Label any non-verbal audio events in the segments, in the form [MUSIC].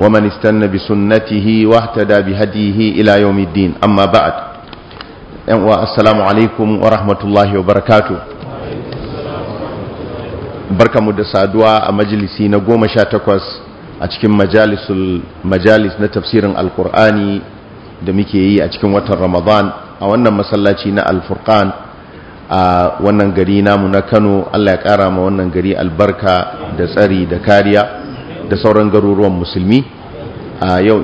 ومن استنى بسنته واهتدى بهديه الى amma الدين 'yan uwa asalamu alaikum ورحمه الله وبركاته barka mu da saduwa a majlisi na goma sha takwas a cikin majalisul majalis na tafsirin alkur'ani da muke yi a cikin watan ramadan a wannan masallaci na alfurkan a wannan gari namu na kano allah ya ƙara ma wannan gari albarka da tsari da kariya da sauran garuruwan musulmi a yau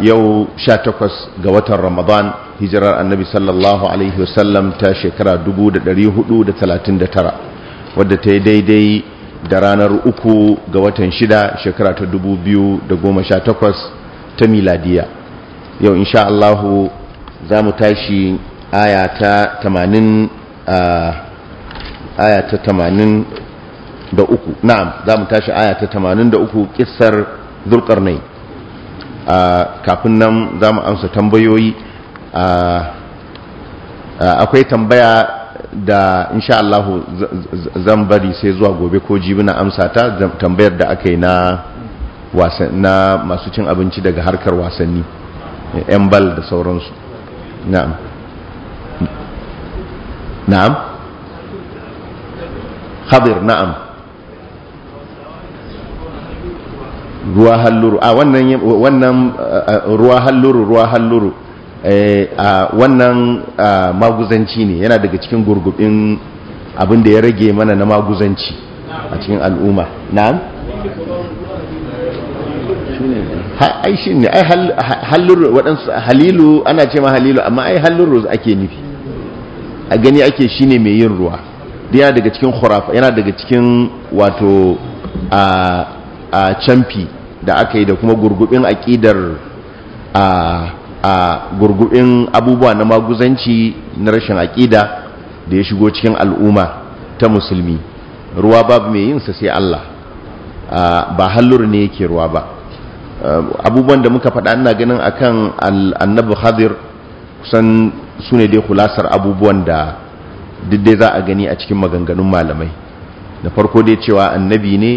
yau 18 ga watan Ramadan hijirar Annabi sallallahu alaihi wasallam ta shekara 439 wadda ta yi daidai da ranar uku ga watan shida shekara ta 2018 ta miladiya yau insha Allahu za mu tashi aya ta aya ta 80 da uku na'am za mu tashi aya ta tamanin da uku kissar zulkarnai kafin nan za mu amsa tambayoyi akwai tambaya da insha Allah zan bari sai zuwa gobe ko jibina amsa ta tambayar da aka yi na masu cin abinci daga harkar wasanni yan bal da sauransu na'am na'am khabir na'am ruwa halluru a wannan wannan ruwa halluru ruwa halluru eh, a wannan maguzanci ne yana daga cikin gurgubin abin da ya rage mana na maguzanci a cikin al'umma na'am ai shi ne ai halluru waɗansu halilu ana ce ma halilu amma ai halluru ake nufi a gani ake shi ne mai yin ruwa yana daga cikin khurafa yana daga cikin wato a a camfi da aka yi da kuma gurgubin akidar a gurgubin abubuwa na maguzanci na rashin aƙida da ya shigo cikin al'umma ta musulmi ruwa babu mai yinsa sai Allah ba hallur ne yake ruwa ba abubuwan da muka faɗa ana ganin akan annabi hadir kusan su ne dai kulasar abubuwan da dai za a gani a cikin maganganun malamai da farko dai cewa annabi ne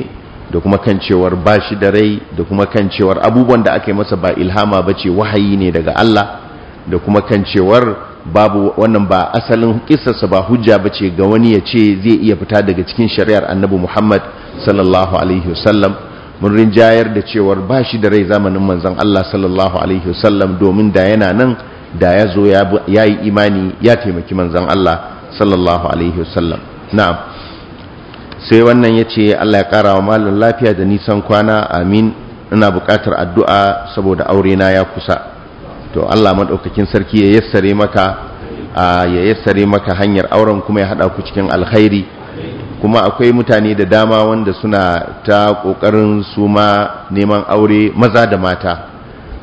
da kuma kan cewar ba shi da rai da kuma kan cewar abubuwan da aka yi masa ba ilhama ba ce wahayi ne daga Allah da kuma kan cewar babu wannan ba asalin kisarsa ba hujja ba ce ga wani ya ce zai iya fita daga cikin shari'ar annabi Muhammad sallallahu alaihi wasallam mun rinjayar da cewar bashi da rai zamanin manzon Allah sallallahu alaihi wasallam domin da yana nan da ya zo ya yi imani ya taimaki manzon Allah sallallahu alaihi wasallam na'am sai wannan ya ce Allah ya ƙara wa malin lafiya da nisan kwana amin ina buƙatar addu'a saboda aure na ya kusa to Allah maɗaukakin sarki ya yassare maka ya yassare maka hanyar auren kuma ya haɗa ku cikin alkhairi kuma akwai mutane da dama wanda suna ta ƙoƙarin su ma neman aure maza da mata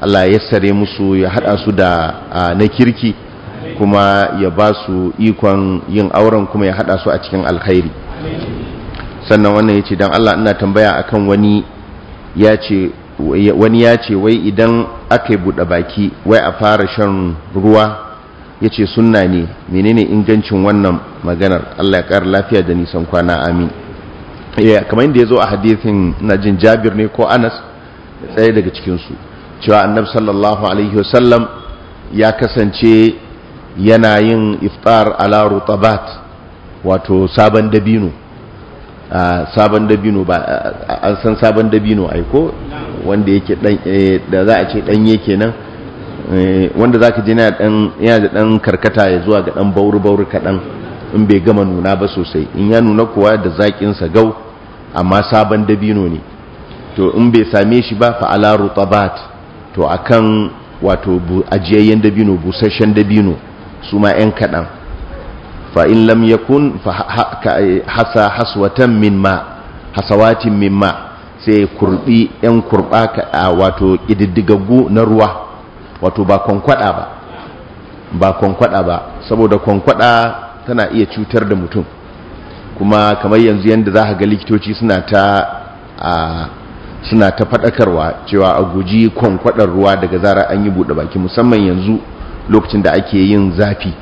Allah ya yassare musu ya haɗa su da na kirki kuma ya ba su ikon yin auren kuma ya haɗa su a cikin alkhairi sannan wannan ya ce don Allah ina tambaya akan wani ya ce wani ya ce wai idan aka yi buɗe baki wai a fara shan ruwa ya ce sunna ne menene ingancin wannan maganar Allah ya ƙara lafiya da nisan kwana amin eh, kamar yadda ya zo a hadithin na jin jabir ne ko anas tsaye daga cikinsu cewa annabi sallallahu alaihi wasallam ya kasance yana yin iftar ala rutabat wato sabon dabino sabon dabino ba an san sabon dabino aiko wanda yake dan eh, da za a ce danye kenan eh, wanda zaka ji na dan yana da dan karkata ya zuwa ga dan bauri bauri kadan in bai gama nuna ba sosai in ya nuna kuwa da zakin sa gau amma sabon dabino ne to in bai same shi ba fa ala rutabat to akan wato ajiyayyen dabino busasshen dabino su ma yan kaɗan. fa in lam yakun eh, hasa haswatan min ma sai kurbi yan kurba ka wato kididdigaggu na ruwa wato ba kwankwada ba ba kwankwada ba saboda kwankwada tana iya cutar da mutum kuma kamar yanzu yadda za ga likitoci suna ta a suna ta fadakarwa cewa a guji kwankwadar ruwa daga zara an yi buɗe baki musamman yanzu lokacin da ake yin zafi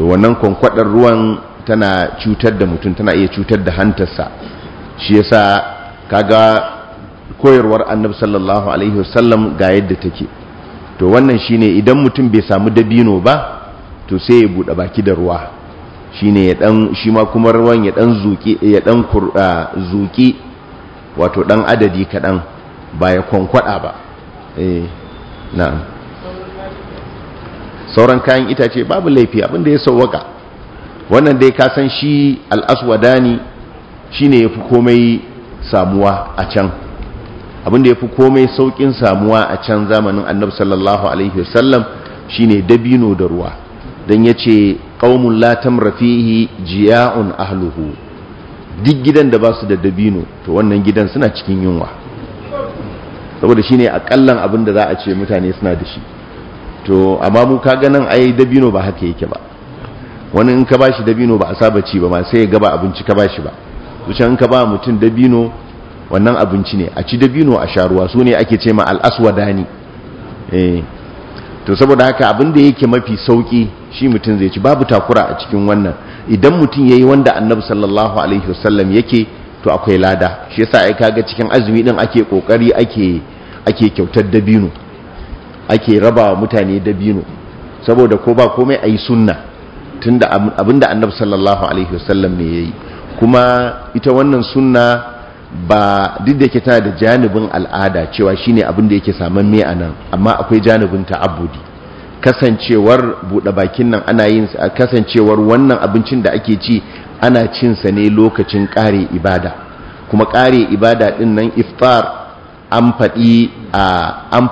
to wannan kwankwadar ruwan tana cutar da mutum tana iya cutar da hantarsa shi yasa kaga koyarwar annabi sallallahu alaihi wasallam ga yadda take to wannan shine idan mutum bai samu dabino ba to sai ya bude baki da ruwa shine ya dan shi ma kuma ruwan ya ɗan zuki ya dan zuki wato ɗan adadi kaɗan ba ya kwankwada ba eh na'am sauran kayan itace babu laifi abin da ya sauwaka wannan dai ka san shi al'aswadani shine yafi komai samuwa a can abin da yafi komai saukin samuwa a can zamanin annabi sallallahu alaihi wasallam shine dabino da ruwa dan yace qaumun latin rafihi jiya'un ahluhu duk gidan da ba su da dabino to wannan gidan suna cikin yunwa saboda shine akallan abin da za a ce mutane suna da shi to amma mu ka ganin ai dabino ba haka yake ba wani in ka bashi dabino ba a saba ci ba ma sai ya gaba abinci ka bashi ba wuce in ka ba mutum dabino wannan abinci ne a ci dabino a sharuwa su ne ake ce ma al'aswadani eh to saboda haka abin da yake mafi sauki shi mutum zai ci babu takura a cikin wannan idan mutum yayi wanda annabi sallallahu alaihi wasallam yake to akwai lada shi yasa ai kaga cikin azumi din ake kokari ake ake kyautar dabino ake raba mutane dabino saboda ko ba komai ayi sunna tunda abinda annabi sallallahu alaihi wasallam ne yayi kuma ita wannan sunna ba duk da yake tana da janibin al'ada cewa shine abin da yake saman a nan amma akwai janibin ta abudi kasancewar buɗe bakin nan ana yin kasancewar wannan abincin da ake ci ana cinsa ne lokacin ƙare ibada kuma ƙare ibada din nan iftar an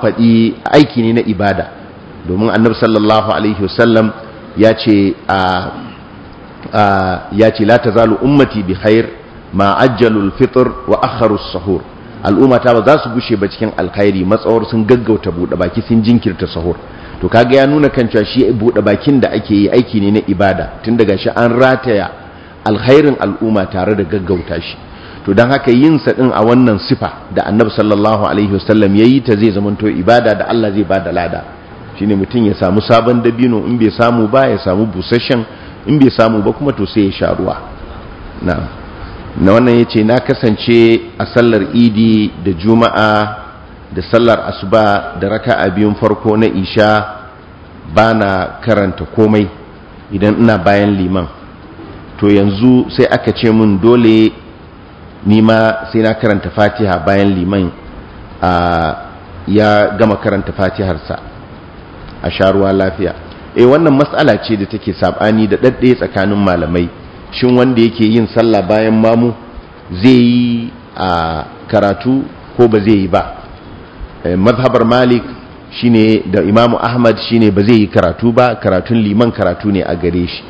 faɗi aiki ne na ibada domin annab sallallahu alaihi wasallam ya ce ya ce la ta zalu ummati bi khair ma ajjalul fitr wa akharus sahur al'ummata ba za su gushe ba cikin alkhairi matsawar sun gaggauta buɗe baki sun jinkirta sahur to kaga ya nuna kan cewa shi buɗe bakin da ake yi aiki ne na ibada tun daga shi an rataya alkhairin al'umma tare da gaggauta shi to don haka yin sa din a wannan sifa da annabi sallallahu alaihi wasallam yayi ta zai zamanto ibada da Allah zai bada lada shine mutum ya samu sabon dabino in bai samu ba ya samu busasshen in bai samu ba kuma to sai ya sha ruwa na wannan yace na kasance a sallar idi da juma'a da sallar asuba da raka'a biyun farko na isha bana karanta komai idan ina bayan liman to yanzu sai aka ce mun dole nima sai na karanta fatiha bayan liman ya gama karanta fatiharsa a sharuwa lafiya eh wannan matsala ce da take sabani da daddaye tsakanin malamai shin wanda yake yin sallah bayan mamu zai yi a karatu ko ba zai yi ba eh, mazhabar malik shine da imamu ahmad shine ba zai yi karatu ba karatun liman karatu ne a gare shi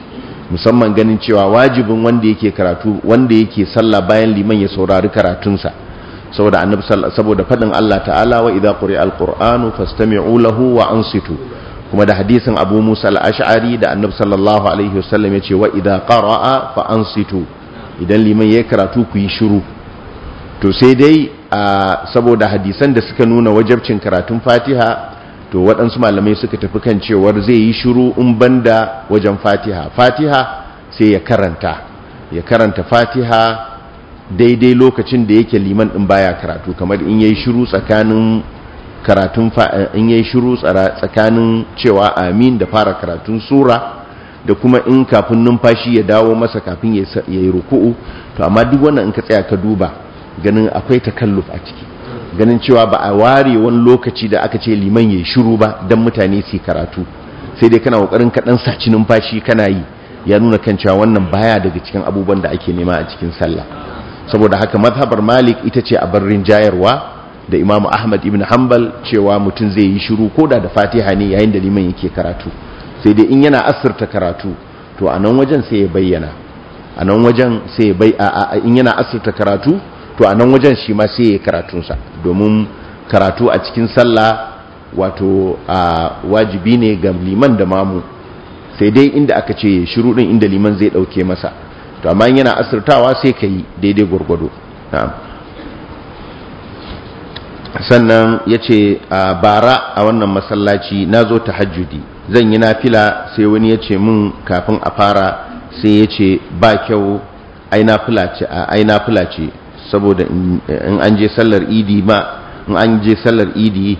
musamman ganin cewa wajibin wanda yake karatu wanda yake sallah bayan liman ya saurari karatunsa saboda annabi saboda fadin Allah ta'ala wa idza quri'a alqur'anu fastami'u lahu wa ansitu kuma da hadisin Abu Musa al-Ash'ari da annabi sallallahu alaihi wasallam ya ce wa idza qara'a fa ansitu idan liman ya karatu ku yi shiru to sai dai saboda hadisan da suka nuna wajabcin karatun Fatiha to waɗansu malamai suka tafi kan cewar zai yi shiru in banda wajen fatiha fatiha sai ya karanta ya karanta fatiha daidai lokacin da yake liman ɗin baya karatu kamar in yi shiru tsakanin karatun in shuru tsakanin cewa amin da fara karatun sura da kuma in kafin numfashi ya dawo masa kafin ya yi ruku'u to amma duk wannan in ka tsaya ka duba ganin akwai takalluf a ciki ganin cewa ba a ware wani lokaci da aka ce liman ya shiru ba don mutane su karatu sai dai kana kokarin kaɗan saci numfashi kana yi ya nuna kan cewa wannan baya daga cikin abubuwan da ake nema a cikin sallah saboda haka mazhabar malik ita ce a barrin jayarwa da imamu ahmad ibn hanbal cewa mutum zai yi shiru ko da da fatiha ne yayin da liman yake karatu sai dai in yana asirta karatu to a nan wajen sai ya bayyana a nan wajen sai ya bai in yana asirta karatu to a nan wajen shi ma sai ya karatunsa domin karatu a cikin sallah wato a wajibi ne ga liman da mamu sai dai inda aka ce shiru din inda liman zai dauke masa to amma yana asirtawa sai ka yi daidai gwargwado sannan ya ce a bara a wannan masallaci na zo ta hajjudi zan yi nafila sai wani ya ce min kafin a fara sai ya ce ba kyau ai nafila ce saboda in an je sallar idi ma in an je sallar idi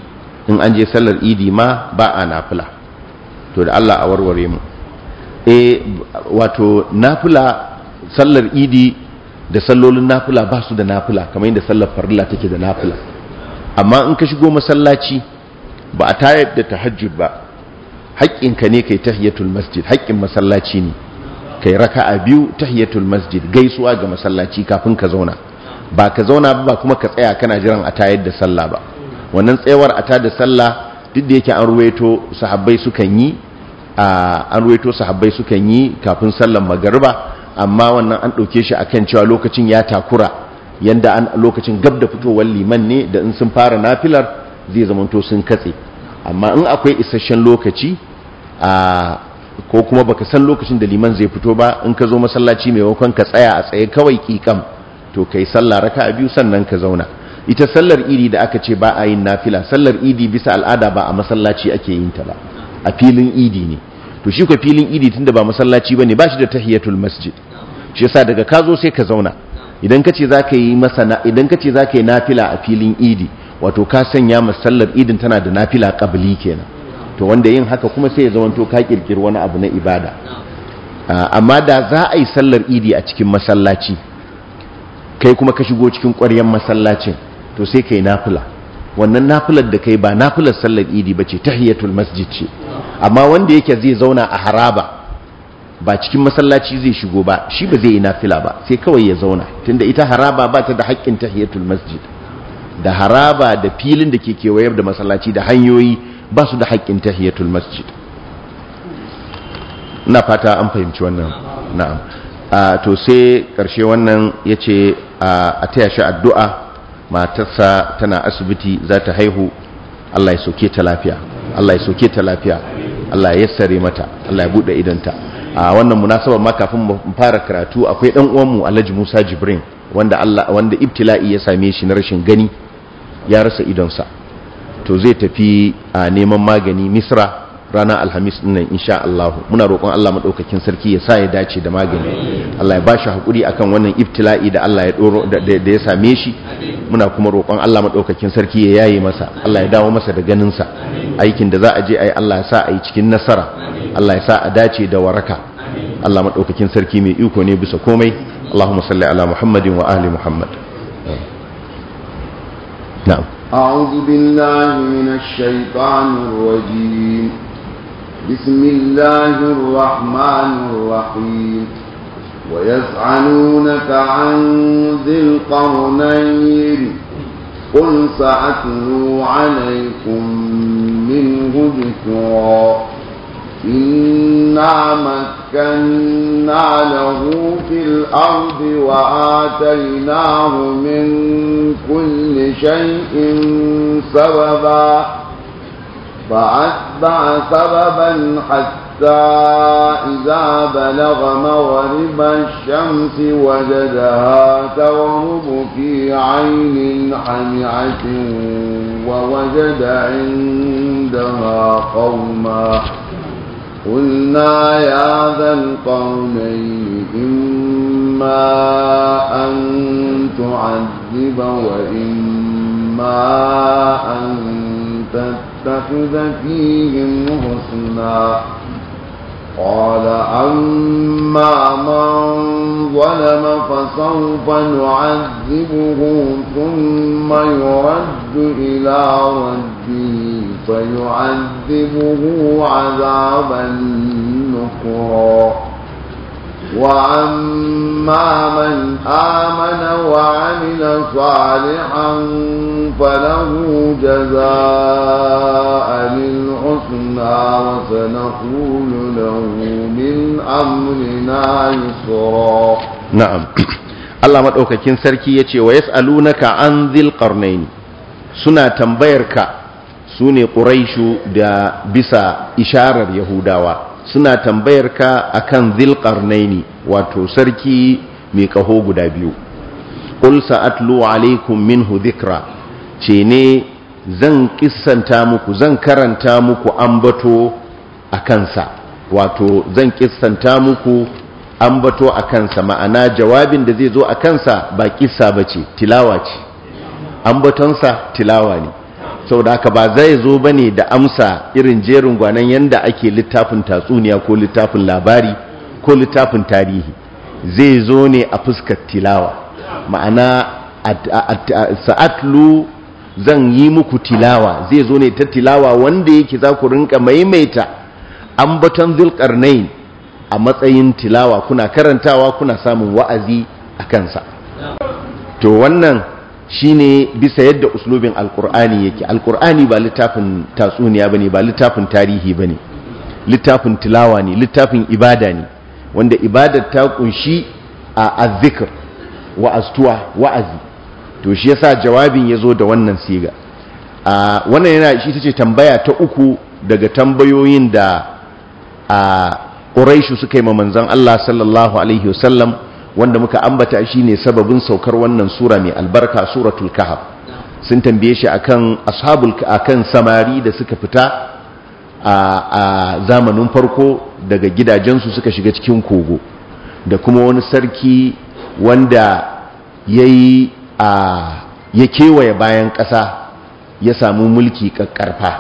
in an je sallar idi ma ba a nafila to da Allah a warware mu eh wato nafila sallar idi da sallolin nafila ba su da nafila kamar yadda sallar farilla take da nafila amma in ka shigo masallaci ba a tayar da tahajjud ba haƙƙinka ne kai tahiyatul masjid haƙƙin masallaci ne kai raka'a biyu tahiyatul masjid gaisuwa ga masallaci kafin ka zauna ba ka zauna ba kuma ka tsaya kana jiran a tayar da sallah ba wannan tsayawar a tayar da sallah duk da yake an ruwaito sahabbai sukan yi an ruwaito sahabbai sukan yi kafin sallan magariba amma wannan an ɗauke shi akan cewa lokacin ya takura yanda an lokacin gab da fitowar liman ne da in sun fara nafilar zai zamanto sun katse amma in akwai isasshen lokaci a ko kuma baka san lokacin da liman zai fito ba in ka zo masallaci mai maimakon ka tsaya a tsaye kawai kikam to kai sallah a biyu sannan ka zauna ita sallar idi da aka ce ba a yin nafila sallar idi bisa al'ada ba a masallaci ake yin ta ba a filin idi ne to shi ka filin idi tunda ba masallaci bane ba shi da tahiyatul masjid shi yasa daga ka zo sai ka zauna idan kace zaka yi masana idan kace zaka yi nafila a filin idi wato ka sanya masallar idin tana da nafila qabli kenan to wanda yin haka kuma sai ya zamanto ka kirkiri wani abu na ibada amma da za a yi sallar idi a cikin masallaci kai kuma ka shigo cikin ƙwaryen masallacin to sai kai nafila wannan nafilar da kai ba nafilar sallar idi ba ce tahiyatul masjid ce amma wanda yake zai zauna a haraba ba cikin masallaci zai shigo ba shi ba zai yi nafila ba sai kawai ya zauna tunda ita haraba ba ta da haƙƙin tahiyatul masjid da haraba da filin da ke kewayar da masallaci da hanyoyi ba su da haƙƙin tahiyatul masjid Ina fata an fahimci wannan na'am to sai ƙarshe wannan ya ce a taya shi addu'a matarsa tana asibiti za ta haihu Allah ya soke ta lafiya Allah ya soke ta lafiya Allah ya sare mata Allah ya buɗe idanta a wannan munasabar ma kafin mu fara karatu akwai ɗan uwanmu Alhaji Musa Jibrin wanda wanda ibtila'i ya same shi na rashin gani ya rasa idonsa to zai tafi a neman magani Misra rana alhamis din nan insha Allah muna roƙon Allah madaukakin sarki ya sa ya dace da magani Allah ya bashi hakuri akan wannan ibtila'i da Allah ya doro da ya same shi muna kuma roƙon Allah madaukakin sarki ya yaye masa Allah ya dawo masa da ganin sa aikin da za a je ai Allah ya sa ayi cikin nasara Allah ya sa a dace da waraka Allah madaukakin sarki mai iko ne bisa komai Allahumma salli ala Muhammadin wa ahli Muhammad na'am a'udhu billahi minash بسم الله الرحمن الرحيم ويسألونك عن ذي القرنين قل سأتلو عليكم منه ذكرا إنا مكنا له في الأرض وآتيناه من كل شيء سببا فأتبع سببا حتى إذا بلغ مغرب الشمس وجدها تغرب في عين حمعة ووجد عندها قوما قلنا يا ذا القومين إما أن تعذب وإما أن تتخذ فيهم حسنا قال أما من ظلم فسوف نعذبه ثم يرد إلى ربه فيعذبه عذابا نكرا وأما من آمن وعمل صالحا فله جزاء للحسنى وسنقول له من أمرنا يسرا نعم Allah maɗaukakin sarki ya ce wa yas'alunaka an dhil qarnaini suna tambayarka sune ne ƙuraishu da bisa isharar yahudawa suna tambayarka akan dhil qarnaini wato sarki mai kaho guda biyu qul sa'atlu alaikum min hu zikra. ce ne zan kissanta muku zan karanta muku ambato a kansa wato zan kissanta muku ambato a kansa ma'ana jawabin da zai zo a kansa ba kissa ba ce tilawa ce ambatonsa tilawa ne sau da aka ba zai zo ba ne da amsa irin jerin gwanan yadda ake littafin tatsuniya ko littafin labari ko littafin tarihi zai zo ne a fuskar tilawa ma'ana sa'atlu zan yi muku tilawa zai zo ne ta tilawa wanda yake za ku rinka maimaita ambaton zulkarnain a matsayin tilawa kuna karantawa kuna samun wa'azi a kansa to wannan shine bisa yadda uslubin alkur'ani yake alkur'ani ba littafin tatsuniya ba ne, ba littafin tarihi ba ne, littafin tilawa ne littafin ibada ne wanda ibadar ta kunshi a azikar wa'aztuwa wa'azi to shi yasa jawabin ya zo da wannan siga a wannan yana shi ta ce tambaya ta uku daga tambayoyin da a ƙuraishu suka yi ma manzan Allah sallallahu alaihi wasallam wanda muka ambata shi ne sababin saukar wannan sura mai albarka suratul kahab sun tambaye shi akan ashabul akan samari da suka fita a zamanin farko daga gidajensu suka shiga cikin kogo da kuma wani sarki wanda ya yi a ya kewaye bayan ƙasa ya samu mulki ƙarfa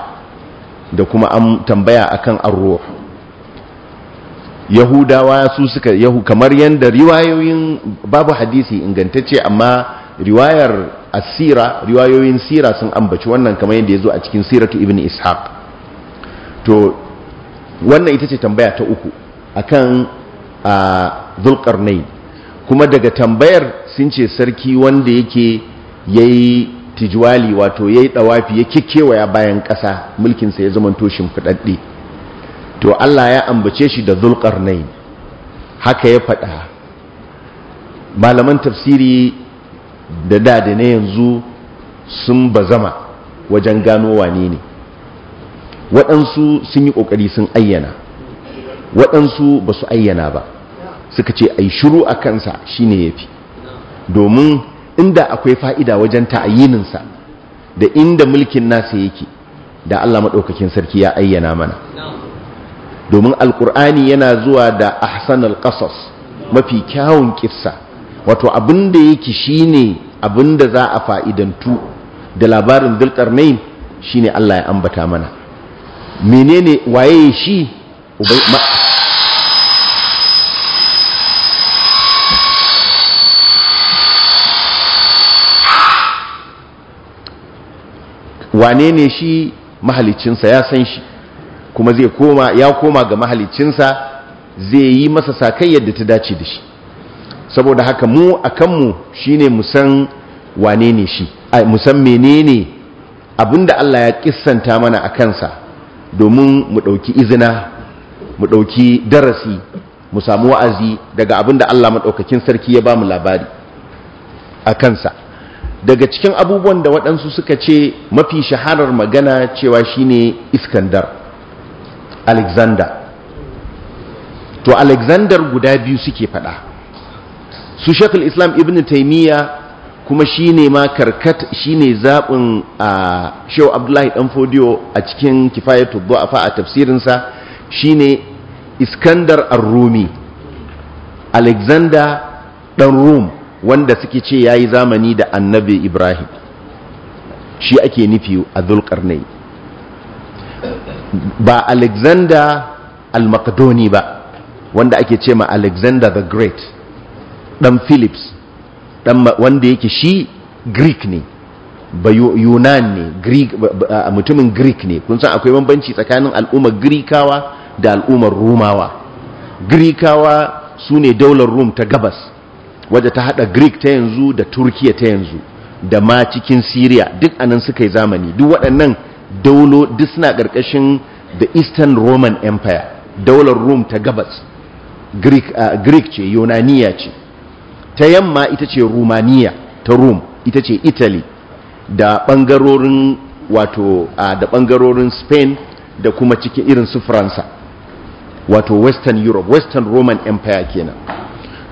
da kuma an tambaya akan arruh yahudawa su suka yahu kamar yadda riwayoyin babu hadisi ingantacce amma riwayar asira riwayoyin sira sun ambaci wannan kamar yadda ya zo a cikin siratu ibn ishaq to wannan ita ce tambaya ta uku akan zulkarnai kuma daga tambayar sun ce sarki wanda yake yi tijwali wato ya yi dawafi ya kikkewaya bayan ƙasa mulkinsa ya zama toshin fidadde to Allah ya ambace shi da zulƙar nai haka ya faɗa malaman tafsiri da da da na yanzu sun ba zama wajen gano wane ne waɗansu sun yi ƙoƙari sun ayyana waɗansu ba su ayyana ba suka ce ai shiru a kansa shi shine fi. domin inda akwai fa'ida wajen ta'ayininsa da inda mulkin nasa yake da Allah maɗaukakin sarki ya ayyana mana domin alkur'ani yana zuwa da ahsanul alƙasas mafi kyawun ƙissa wato abin da yake ne abin da za a fa'idantu da labarin shi ne Allah ya ambata mana menene waye shi wane ne shi mahalicinsa ya san shi kuma zai koma ya koma ga mahalicinsa zai yi masa sakai yadda ta dace da shi saboda haka mu a kanmu shi ne musan wane ne shi musan menene abinda Allah ya kissanta mana a kansa domin mu ɗauki izina mu ɗauki darasi mu samu wa'azi daga abinda Allah maɗaukakin sarki ya ba mu labari a kansa daga cikin abubuwan da waɗansu suka ce mafi shaharar magana cewa shine iskandar alexander to alexander guda biyu suke faɗa su shekul islam ibn taimiyya kuma shi ne ma karkat shi ne zaɓin a shehu abdullahi ɗan fodiyo a cikin kifayatu tubbo a tafsirinsa shi ne iskandar al rumi alexander ɗan rum wanda suke ce ya yi zamani da annabi ibrahim shi ake nufi a ne. ba alexander al-makadoni ba wanda ake ce ma alexander the great dan philips dan wanda yake shi greek ne ba yunan ne mutumin greek ne kun san akwai bambanci tsakanin al'ummar greekawa da al'ummar rumawa greekawa su ne daular rum ta gabas wadda ta hada greek ta yanzu da turkiya ta yanzu da ma cikin syria duk anan suka yi zamani duk waɗannan daulo duk suna ƙarƙashin the eastern roman empire daular rome ta gabas greek, uh, greek ce yunaniya ce ta yamma ita ce rumaniya ta rome ita ce italy da ɓangarorin wato uh, da ɓangarorin spain da kuma cikin irin faransa wato western europe western roman empire kenan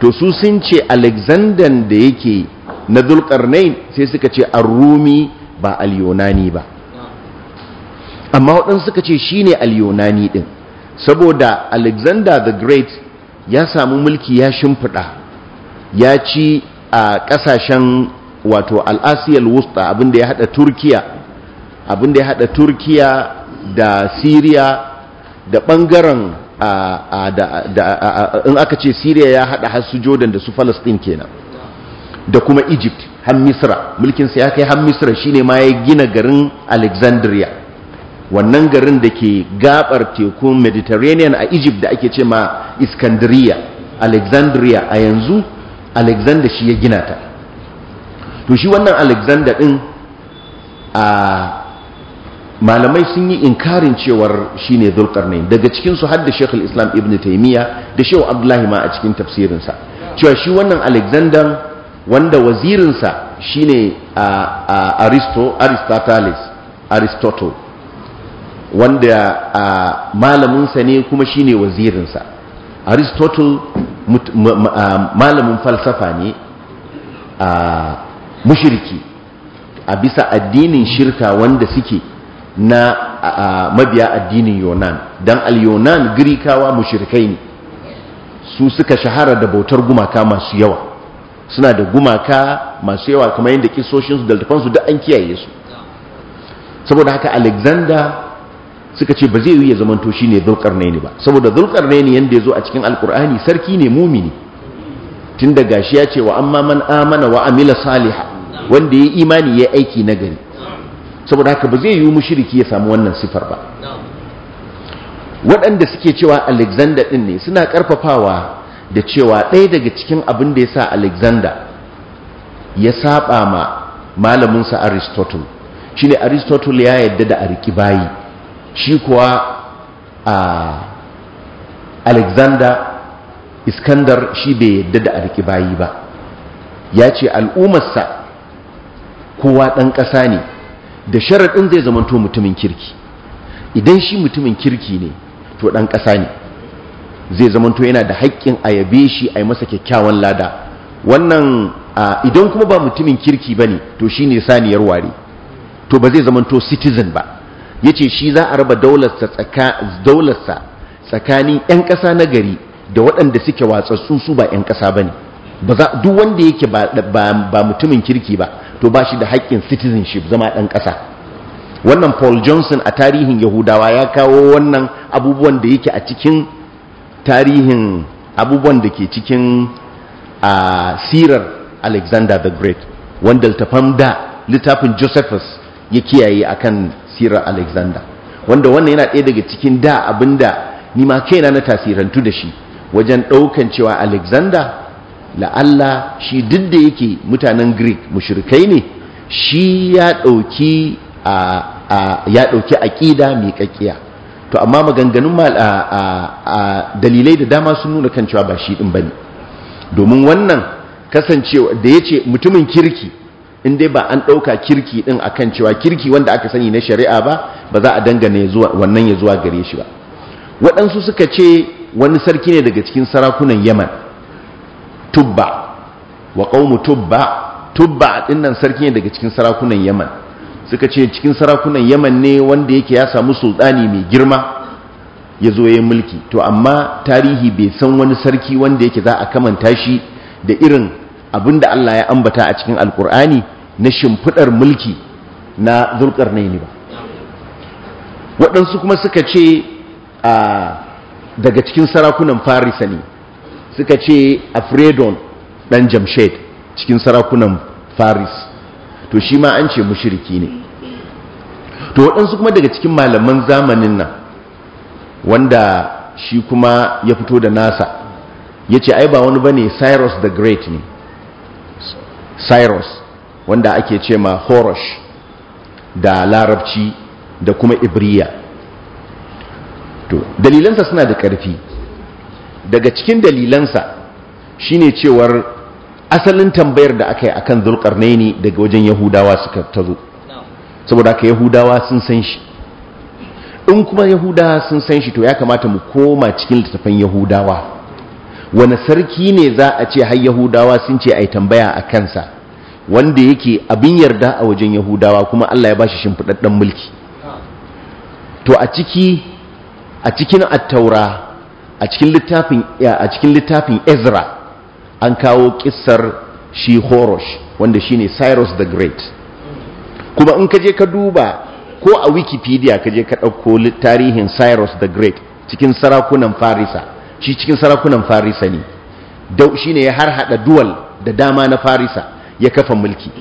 to su sun ce alexander da yake na zulkarnain sai suka ce arrumi ba alyonani ba amma waɗansu suka ce shine ne yunani din saboda alexander the great ya samu mulki ya shimfiɗa ya ci a ƙasashen wato al'asiyar wusta abinda ya haɗa turkiya abinda ya haɗa turkiya da Siriya da ɓangaren in aka ce Syria ya haɗa har Jordan da su Palestine kenan da kuma Egypt har Misra mulkin sa ya kai har Misra shine ma ya gina garin Alexandria wannan garin da ke gabar tekun Mediterranean a Egypt da ake ce ma Iskandariya Alexandria a yanzu Alexander shi ya gina ta to shi wannan Alexander din a malamai sun yi inkarin cewar shi ne daga cikin su cikinsu da islam Ibn taimiyya da shehu Abdullahi ma a cikin tafsirinsa cewa shi wannan Alexander wanda wazirinsa shi ne Aristoteles Aristotle wanda malaminsa ne kuma shi ne wazirinsa Aristotle malamin falsafa ne mushiriki, a bisa addinin shirka wanda suke na mabiya addinin yonan don al-yonan girikawa mushirikai ne su suka shahara da bautar gumaka masu yawa suna da gumaka masu yawa kamar yadda kisoshinsu da littafansu da an kiyaye su saboda haka alexander suka ce ba zai yi ya zamanto shi ne naini ba saboda zulkar naini yadda ya zo a cikin alkur'ani sarki ne mumini tun da gashi ya ce wa amma man amana wa amila saliha wanda ya imani ya aiki nagari saboda haka ba zai yi mushiriki ya samu wannan sifar ba waɗanda suke cewa alexander ɗin ne suna ƙarfafawa da cewa ɗaya daga cikin abin da ya sa alexander ya saba ma malaminsa aristotle shi ne aristotle ya yadda da a riƙi bayi shi kuwa a alexander iskandar shi bai yadda da a riƙi bayi ba ya ce al'ummarsa kowa ɗan ƙasa ne da sharaɗin zai zamanto mutumin kirki idan shi mutumin kirki ne to ɗan ƙasa ne zai zamanto yana da haƙƙin a yabe shi a yi masa kyakkyawan lada wannan idan kuma ba mutumin kirki ba ne to shi ne saniyar ware to ba zai zamanto citizen ba ya ce shi za a raba daularsa tsakanin 'yan ƙasa na gari da waɗanda suke watsatsu su ba 'yan ƙasa ba ne duk wanda yake ba mutumin kirki ba to ba shi da haƙƙin citizenship zama ɗan ƙasa wannan paul johnson a tarihin yahudawa ya kawo wannan abubuwan da yake a cikin tarihin abubuwan da ke cikin a sirar alexander the great wanda littafin da littafin josephus ya kiyaye a kan sirar alexander wanda wannan yana ɗaya daga cikin da abinda nima kaina na tasirantu da shi wajen ɗaukan cewa alexander la'alla shi duk da yake mutanen greek mushrikai ne shi ya ɗauki ya ɗauki aƙida mai ƙaƙiya to amma maganganun dalilai da dama sun nuna kan cewa ba shi ɗin ba ne domin wannan kasancewa da ya ce mutumin kirki in dai ba an ɗauka kirki ɗin a kan cewa kirki wanda aka sani na shari'a ba ba za a dangane wannan ya zuwa gare shi ba waɗansu suka ce wani sarki ne daga cikin sarakunan yaman tubba wa qaumu tubba tubba dinnan sarki ne daga cikin sarakunan yaman suka ce cikin sarakunan yaman ne wanda yake ya samu sultani mai girma ya zo ya mulki to amma tarihi bai san wani sarki wanda yake za a kamanta shi da irin abin da Allah ya ambata a cikin alkur'ani na shimfidar mulki na zulkarnaini ba waɗansu kuma suka ce daga cikin sarakunan farisa ne suka ce afredon ɗan jamshed cikin sarakunan faris to shi ma an ce mushiriki ne to waɗansu kuma daga cikin malaman zamanin nan wanda shi kuma ya fito da nasa ya ce ai ba wani ba ne cyrus the great ne cyrus wanda ake ce ma horosh da larabci da kuma ibriya to dalilansa suna da ƙarfi daga cikin dalilansa shine cewar asalin tambayar da aka yi a kan akan yini daga wajen yahudawa suka tazo saboda haka yahudawa sun san shi in kuma yahudawa sun san shi to ya kamata mu koma cikin littattafan yahudawa wani sarki ne za a ce har yahudawa sun ce yi tambaya a kansa wanda yake abin yarda a wajen yahudawa kuma Allah ya ba shi shimfiɗaɗɗen mulki to a ciki a cikin attaura a cikin littafin Ezra an kawo kissar shi Horosh wanda shi ne Cyrus the Great kuma in ka je ka duba ko a Wikipedia ka je ka ɗauko tarihin Cyrus the Great cikin sarakunan Farisa shi cikin sarakunan Farisa ne dau ne ya har hada duwal da dama na Farisa ya kafa mulki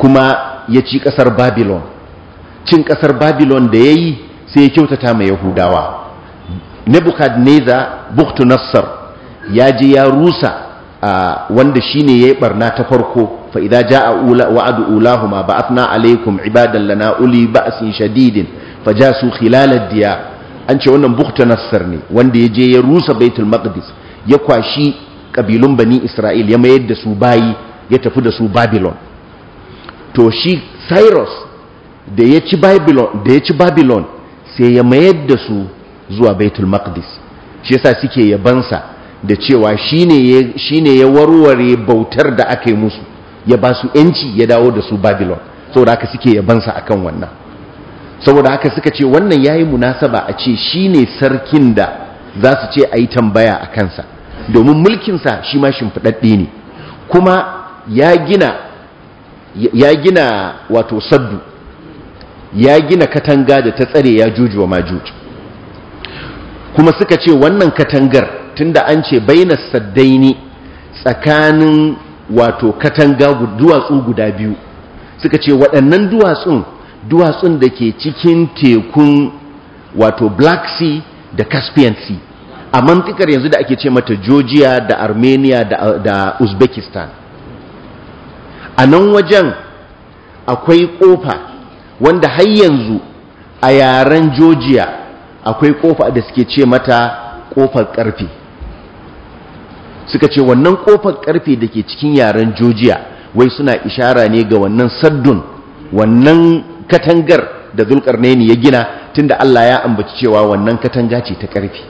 kuma ya ci ƙasar Babylon cin ƙasar Babylon da ya yi sai ya kyautata ma Yahudawa nebuchadnezzar buktu nassar ya je ya rusa wanda shi ne ya yi barna ta farko fa a wa’adu ula ma ulahuma na alaikum ibadan lana uli ba'sin shadidin fajasu su ad diya an ce wannan buktu nassar ne wanda ya je ya rusa baitul maqdis ya kwashi kabilun bani isra'il ya mayar da su bayi ya tafi da su babylon to shi cyrus da ya ci babylon sai ya mayar da su zuwa baitul maqdis shi yasa suke yabansa da cewa shine ya warware bautar da aka yi musu ya ba su yanci ya dawo da su babylon saboda haka suke yabansa akan wannan saboda haka suka ce wannan yayi munasaba a ce shine sarkin da za su ce a yi tambaya a kansa domin mulkinsa shi ma shimfiɗaɗɗe ne kuma ya gina ya gina wato saddu ya gina katanga da ta tsare ya juju wa kuma suka ce wannan katangar tunda an ce bainas saddaini tsakanin wato katanga duwatsu guda biyu suka ce waɗannan duwatsun duwatsun da ke cikin tekun wato black sea da caspian sea a mantikar yanzu da ake ce mata georgia da armenia da, da uzbekistan a nan wajen akwai kofa wanda har yanzu a yaren georgia akwai kofa da suke ce mata kofar karfe suka ce wannan kofar karfe da ke cikin yaren jojiya wai suna ishara ne ga wannan saddun wannan katangar da ne ya gina tunda Allah ya ambaci cewa wannan katanga ce ta karfe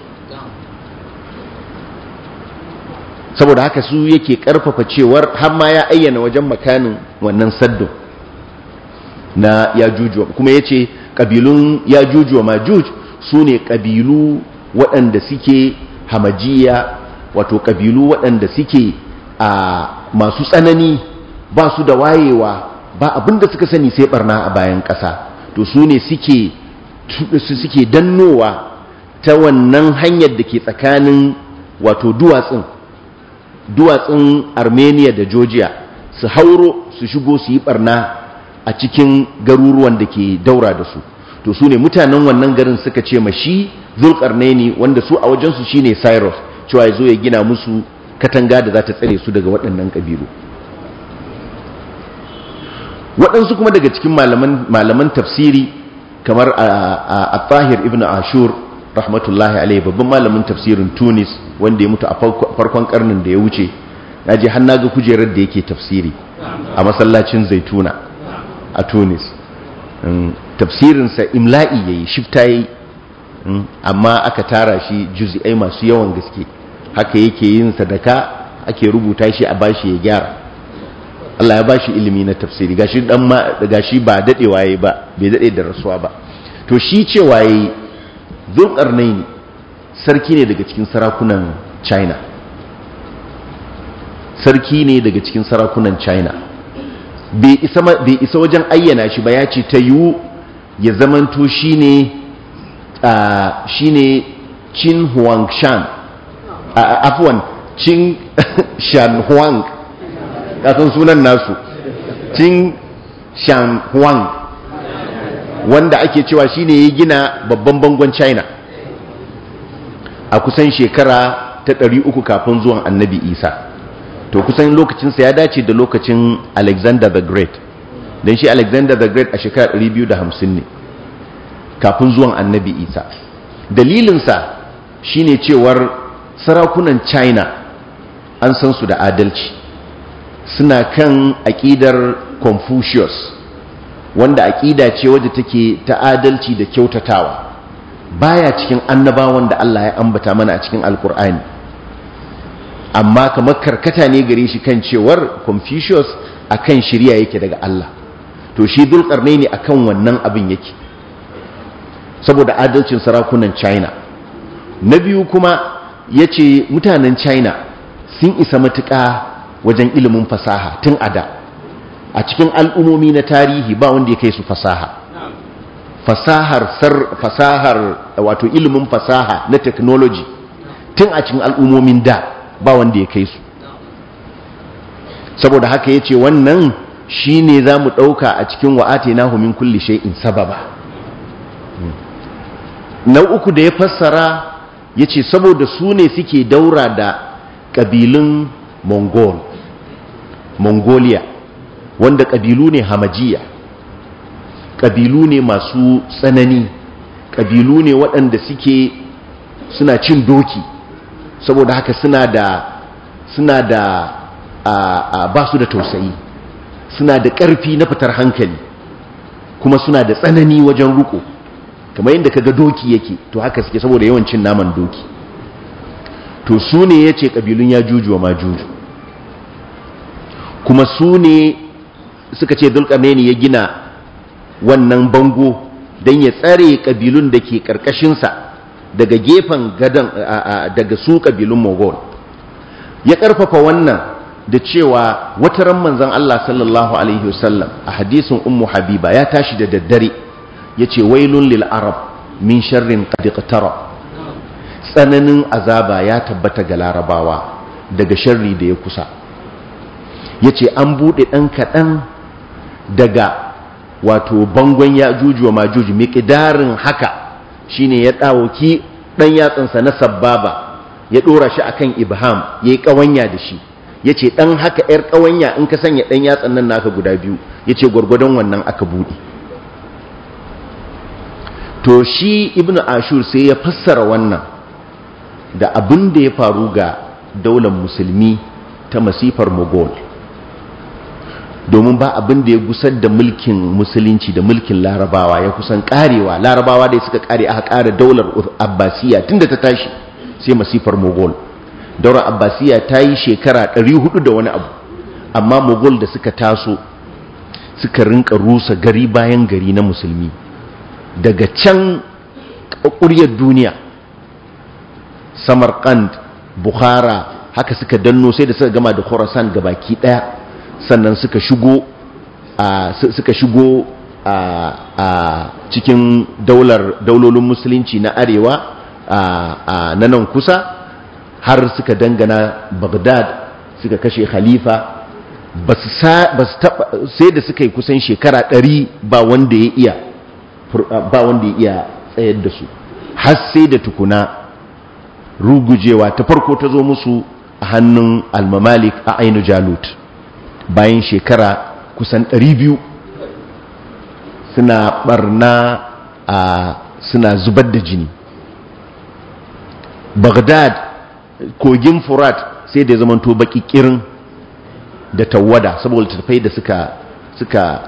saboda haka su yake karfafa cewar har ma ya ayyana wajen makanin wannan saddun na ya jujuwa kuma ya ce ƙabilun ya jujuwa ma juj su ne ƙabilu waɗanda suke hamajiya wato ƙabilu waɗanda suke a masu tsanani ba su da wayewa ba abinda suka sani sai barna a bayan ƙasa to su ne suke dannowa ta wannan hanyar da ke tsakanin wato duwatsun duwatsun armenia da georgia su hauro su shigo su yi barna a cikin garuruwan da ke daura da su to su ne mutanen wannan garin suka ce ma shi ne wanda su a wajensu shi ne cyrus cewa ya zo ya gina musu katanga da za ta tsare su daga waɗannan ƙabilu waɗansu kuma daga cikin malaman tafsiri kamar a tahir ibn ashur rahmatullahi alaihi babban malamin tafsirin tunis wanda ya mutu a farkon karnin da ya wuce na ji har ga kujerar da yake tafsiri a masallacin zaituna a tunis Mm, tafsirinsa imla'i ya yi shifta ya yi mm, amma aka tara shi juzi'ai masu yawan gaske haka yake yin sadaka ake rubuta shi a bashi ya gyara Allah ya bashi ilimi na tafsiri gashi dan ba dade waye ba bai dade da rasuwa ba to shi cewa yayi zulqarnain sarki ne daga cikin sarakunan China sarki ne daga cikin sarakunan China bai isa wajen ayyana shi ba ya ce ta yiwu ya zamanto shi ne shi ne cin huang shan afuwan cin [LAUGHS] shan huang kasan sunan nasu cin shan huang wanda ake cewa shi ne ya gina babban bangon china a kusan shekara ta 300 kafin zuwan annabi isa to kusan lokacinsa ya dace da lokacin alexander the great don shi alexander the great a shekara 250 ne kafin zuwan annabi isa dalilinsa shi ne cewar sarakunan china an san su da adalci suna kan aƙidar confucius wanda aƙida ce wadda take ta adalci da kyautatawa baya cikin annabawan da allah ya ambata mana a cikin alkur'ani amma kamar karkata ne gare shi kan cewar confucius akan shirya yake daga Allah to shi ne akan wannan abin yake saboda adalcin sarakunan china na biyu kuma ya ce mutanen china sun isa matuka wajen ilimin fasaha tun ada a cikin al'umomi na tarihi ba wanda ya kai su fasaha fasahar sar fasahar wato ilimin fasaha na technology tun a cikin al'umomin da ba wanda ya kai su saboda haka ya ce wannan shi ne za mu ɗauka a cikin wa'ate na homin kulle sababa na uku da ya fassara ya ce saboda su ne suke daura da ƙabilun mongol mongolia wanda ƙabilu ne hamajiya ƙabilu ne masu tsanani ƙabilu ne waɗanda suke suna cin doki saboda haka suna da suna da ba su da tausayi suna da ƙarfi na fitar hankali kuma suna da tsanani wajen ruko kamar yadda ga doki yake to haka suke saboda yawancin naman doki to su ne ya ce ƙabilun ya juju wa juju kuma su ne suka ce dulkameni ya gina wannan bango don ya tsare ƙabilun da ke ƙarƙashinsa daga gefen gadon daga su kabilun mogol ya karfafa wannan da cewa wata ran manzon Allah sallallahu alaihi wasallam a hadisin ummu habiba ya tashi da daddare yace wailun lil arab min sharrin qad iqtara tsananin azaba ya tabbata ga larabawa daga sharri da ya kusa yace an bude dan kaɗan daga wato bangon ya juju wa majuju miqdarin haka shine ya ɗawoki ɗan yatsansa na sabbaba ya ɗora shi akan ibham ya yi ƙawanya da shi ya ce ɗan haka ‘yar ƙawanya in ka sanya ɗan yatsan nan naka guda biyu ya ce gwargwadon wannan aka buɗe to shi ibnu ashur sai ya fassara wannan da abin da ya faru ga daular musulmi ta masifar mogol domin ba abin da ya gusar da mulkin musulunci da mulkin larabawa ya kusan karewa larabawa da suka kare aka kara daular abbasiya tun da ta tashi sai masifar mogol daular abbasiya ta yi shekara 400 da wani abu amma mogol da suka taso suka rinka rusa gari bayan gari na musulmi daga can ƙuryar duniya samarkand bukhara haka suka danno sai da suka gama da khorasan baki daya sannan suka shigo suka shigo a cikin daular daulolin musulunci na arewa na nan kusa har suka dangana Baghdad suka kashe khalifa sai da suka yi kusan shekara ɗari ba wanda ya iya ba wanda ya iya tsayar da su har sai da tukuna rugujewa ta farko ta zo musu a hannun almamalik a ainu jalut bayan shekara kusan 200 suna barna a suna zubar da jini bagdad kogin furat sai da ya zamanto baki kirin da tawada saboda tafai da suka suka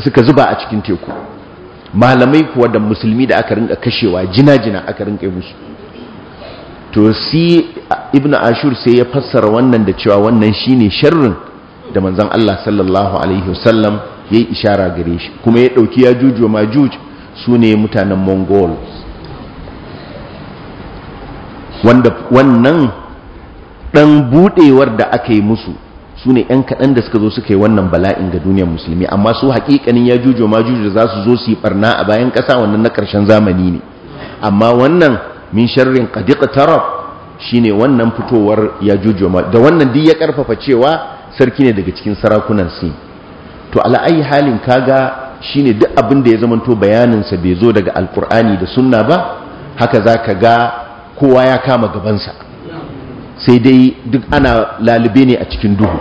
suka zuba a cikin teku malamai kuwa da musulmi da aka rinka kashewa jina-jina aka rinka musu to si ibn ashur sai ya fassara wannan da cewa wannan shine sharrin da manzon Allah sallallahu alaihi wasallam yayi ishara gare shi kuma ya dauki ya juju ma juj sune mutanen mongol wanda wannan dan budewar da aka yi musu sune yan kaɗan da suka zo suka yi wannan bala'in ga duniyar musulmi amma su hakikanin ya juju ma juju da za su zo su yi barna a bayan kasa wannan na karshen zamani ne amma wannan min sharrin qad iqtarab shine wannan fitowar ya ma da wannan duk ya ƙarfafa cewa sarki ne daga cikin sarakunan sin to ala halin kaga shine duk abin da ya zamanto bayaninsa bai zo daga alqur'ani da sunna ba haka zaka ga kowa ya kama gabansa sai dai duk ana lalube ne a cikin duhu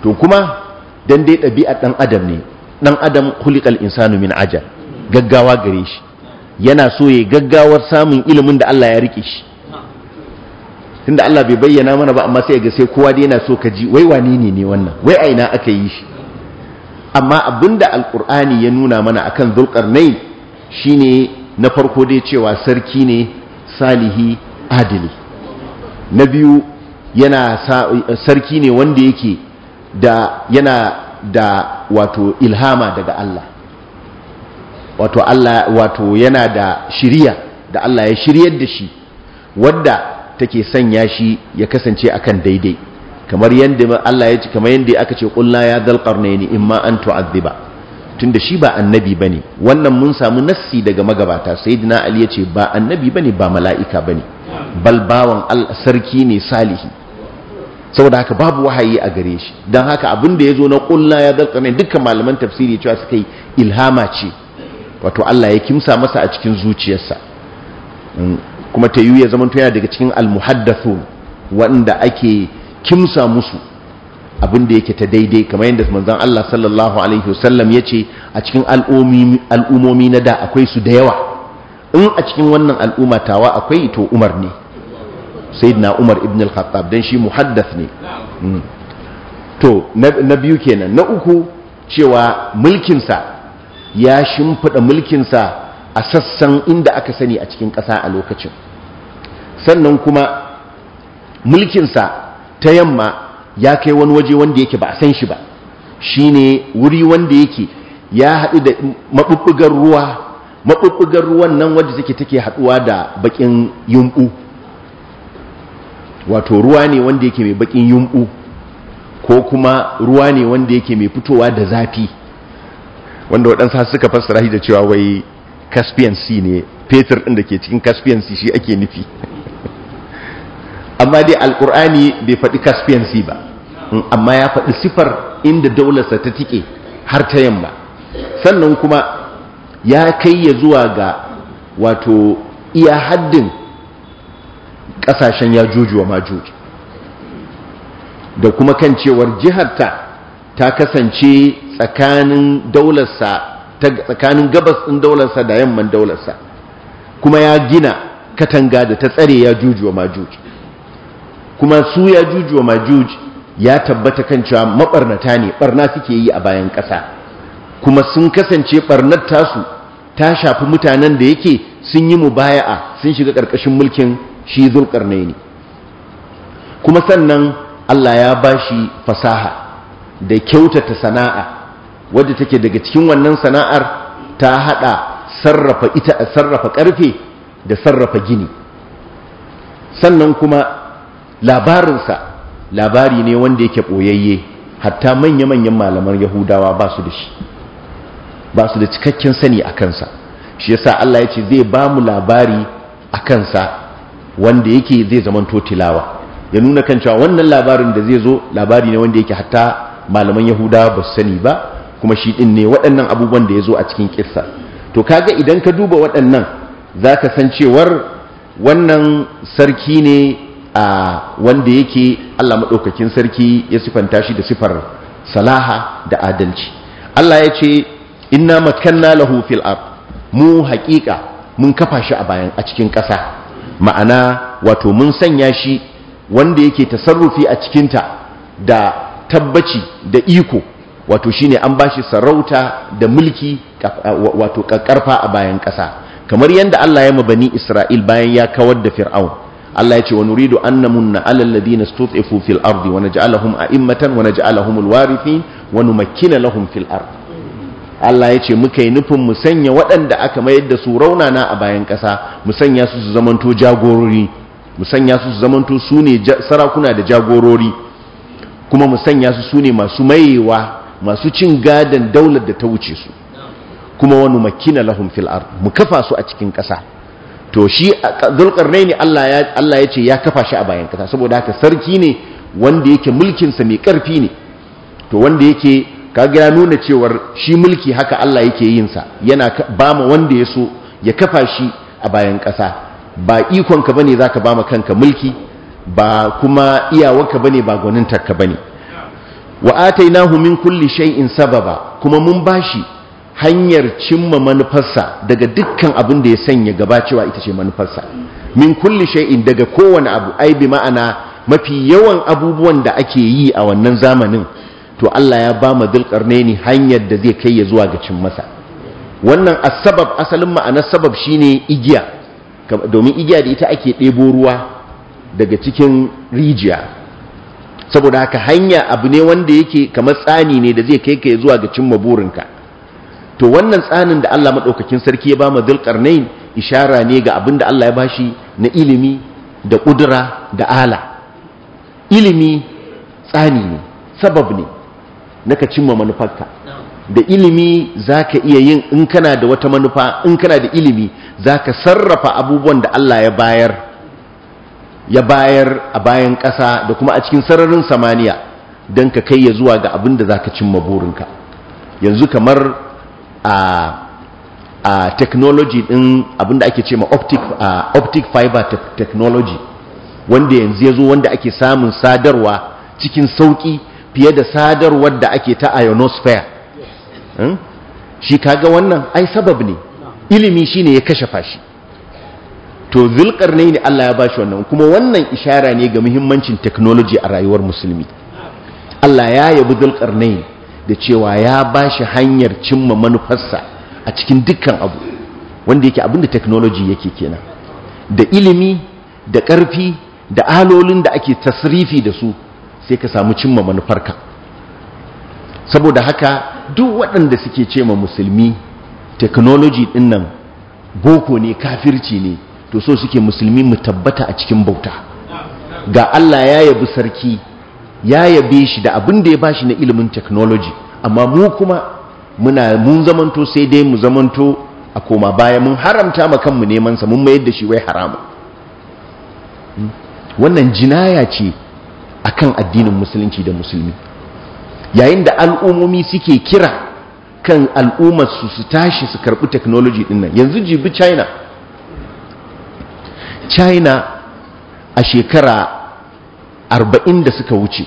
to kuma dan dai ɗabi'ar ɗan adam ne ɗan adam kulikal insanu min ajal gaggawa gare shi yana so ya gaggawar samun ilimin da Allah ya rike shi tunda Allah bai bayyana mana ba amma sai ga sai kowa da yana so ka ji wai wane ne ne wannan wai a ina aka yi shi amma abinda alkur'ani ya nuna mana akan nai shine na farko dai cewa sarki ne salihi adili na biyu yana sarki ne wanda yake da yana da wato ilhama daga Allah wato Allah wato yana da shiriya da Allah ya shiryar da shi wadda take sanya shi ya kasance akan daidai kamar yanda Allah ya ce kamar yanda aka ce la ya dal qarnaini imma an tu'adhiba tunda shi ba annabi bane wannan mun samu nassi daga magabata sayyidina ali ya ce ba annabi bane ba mala'ika bane bal bawan sarki ne salihi saboda haka babu wahayi a gare shi don haka abin da ya zo na ƙulla ya dalƙa ne dukkan malaman tafsiri cewa suka yi ilhama ce wato Allah ya kimsa masa a cikin zuciyarsa mm, kuma ta yi ya zama yana daga cikin almuhaddasu wanda ake kimsa musu abinda yake ta daidai kamar yadda manzon Allah sallallahu alaihi wasallam ya ce a cikin al'umomi na da akwai su da yawa in a cikin wannan al'umma tawa akwai to Umar ne sayyidina Umar ibn al-Khattab dan shi muhaddas ne mm. to na biyu kenan na uku cewa mulkinsa ya shimfiɗa mulkinsa a sassan inda aka sani a cikin ƙasa a lokacin sannan kuma mulkinsa ta yamma ya kai wani waje wanda yake ba a san shi ba shi ne wuri wanda yake ya haɗu da maɓuɓɓugar ruwa maɓuɓɓugar ruwan nan wadda take take haɗuwa da baƙin yumɓu wato ruwa ne wanda yake mai baƙin yumɓu ko kuma ruwa ne wanda yake mai fitowa da zafi wanda waɗansa suka fassara shi da cewa wai caspian sea ne fetur ɗin da ke cikin caspian sea shi ake nufi amma dai alkur'ani bai faɗi caspian sea ba mm, amma ya faɗi sifar inda daularsa ta tike har ta yamma sannan kuma ya kai ya zuwa ga wato iya haddin ƙasashen ya jojo wa da kuma kan cewar jiharta ta kasance tsakanin daularsa tsakanin gabas ɗin daularsa da yamman daularsa kuma ya gina katanga da ta tsare ya juju wa majuj kuma su ya juju wa majuj ya tabbata kan cewa maɓarnata ne ɓarna suke yi a bayan ƙasa kuma sun kasance ɓarnar tasu ta shafi mutanen da yake sun yi mubaya'a sun shiga ƙarƙashin mulkin shi zulƙar ne. kuma sannan Allah ya bashi fasaha da kyautata sana'a wadda take daga cikin wannan sana'ar ta hada sarrafa ita sarrafa karfe da sarrafa gini sannan kuma labarinsa labari ne wanda yake boyayye hatta manya-manyan malaman yahudawa ba su da shi ba su da cikakken sani a kansa shi ya sa Allah ya ce zai ba mu labari a kansa wanda yake zai zamanto tilawa ya nuna kan cewa wannan labarin da zai zo labari ne wanda yake hatta malaman Yahuda ba su sani ba kuma shi din ne waɗannan abubuwan da ya zo a cikin ƙissa to kaga idan ka duba waɗannan za ka san cewar wannan sarki ne a wanda yake allah maɗaukakin sarki ya sifanta shi da sifar salaha da adalci allah ya ce inna makanna lahu fil ab mu haƙiƙa mun kafa shi a bayan a cikin ƙasa ma'ana wato mun sanya shi wanda yake tasarrufi a cikinta da tabbaci da iko wato shine an bashi sarauta da mulki wato kakkarfa a bayan ƙasa kamar yadda Allah ya mabani Isra'il bayan ya kawar da Fir'aun Allah ya ce wa nuridu annamunna alal ladina stutifu fil ardi wa naj'alahum a'immatan wa naj'alahum alwarithin wa numakkina lahum fil ardi Allah ya ce muka yi nufin mu sanya waɗanda aka mayar da su raunana a bayan ƙasa mu sanya su su zamanto su ne sarakuna da jagorori kuma mu sanya su sune masu mayewa masu cin gadon daular da ta wuce su kuma wani makina lahum fil ard mu kafa su a cikin ƙasa to shi zulqarnaini Allah ya Allah ya ce ya kafa shi a bayan ƙasa saboda haka sarki ne wanda yake mulkin sa mai ƙarfi ne to wanda yake kaga ya nuna cewar shi mulki haka Allah yake yin sa yana ba mu wanda ya so ya kafa shi a bayan ƙasa ba ikonka bane zaka ba mu kanka mulki ba kuma ba bane ba gwanintarka bane wa atainahu min kulli shay'in sababa kuma mun bashi hanyar cimma manufarsa daga dukkan abin da ya sanya gaba cewa ita ce manufarsa min kulli shay'in daga kowane abu ai bi ma'ana mafi yawan abubuwan da ake yi a wannan zamanin to Allah ya ba mu dulqarnaini hanyar da zai kai ya zuwa ga cin masa wannan asbab asalin ma'anar sabab shine igiya domin igiya da ita ake ɗebo ruwa daga cikin rijiya saboda haka hanya abu ne wanda yake kamar tsani ne da zai kai ka zuwa ga cimma burinka to wannan tsanin da Allah madaukakin sarki ya ba mu dhulqarnain ishara ne ga abin da Allah ya bashi na ilimi da kudura da ala ilimi tsani ne sabab ne naka cimma manufarka da ilimi zaka iya yin in kana da wata manufa in kana da ilimi zaka sarrafa abubuwan da Allah ya bayar ya bayar a bayan ƙasa da kuma a cikin sararin samaniya don ka kai ya zuwa ga abin da za ka cimma burinka yanzu kamar a technology ɗin abin da ake ce ma optic fiber technology wanda yanzu ya zo wanda ake samun sadarwa cikin sauƙi fiye da sadarwar da ake ta ionosphere hmm? shi kaga wannan ai sabab ne ilimi shi ne ya kashe fashi to zulkarnai ne Allah ya bashi wannan kuma wannan ishara ne ga muhimmancin technology a rayuwar musulmi Allah ya yabi zulkarnai da cewa ya bashi hanyar cimma manufarsa a cikin dukkan abu wanda yake abinda technology yake kenan da ilimi da ƙarfi da alolin da ake tasrifi da su sai ka samu cimma manufarka saboda haka duk waɗanda suke ce ma musulmi technology ɗin nan boko ne kafirci ne to so suke musulmi mu tabbata a cikin bauta ga Allah ya yabi sarki ya yabe shi da abin da ya bashi na ilimin technology amma mu kuma muna mun zamanto sai dai mu zamanto a koma baya mun haramta ma kanmu neman sa mun mayar da shi wai harama. Hmm? wannan jinaya ce akan addinin musulunci da musulmi yayin da al'ummomi suke kira kan al'ummarsu su tashi su karɓi technology dinnan yanzu jibi china china a shekara 40 da suka wuce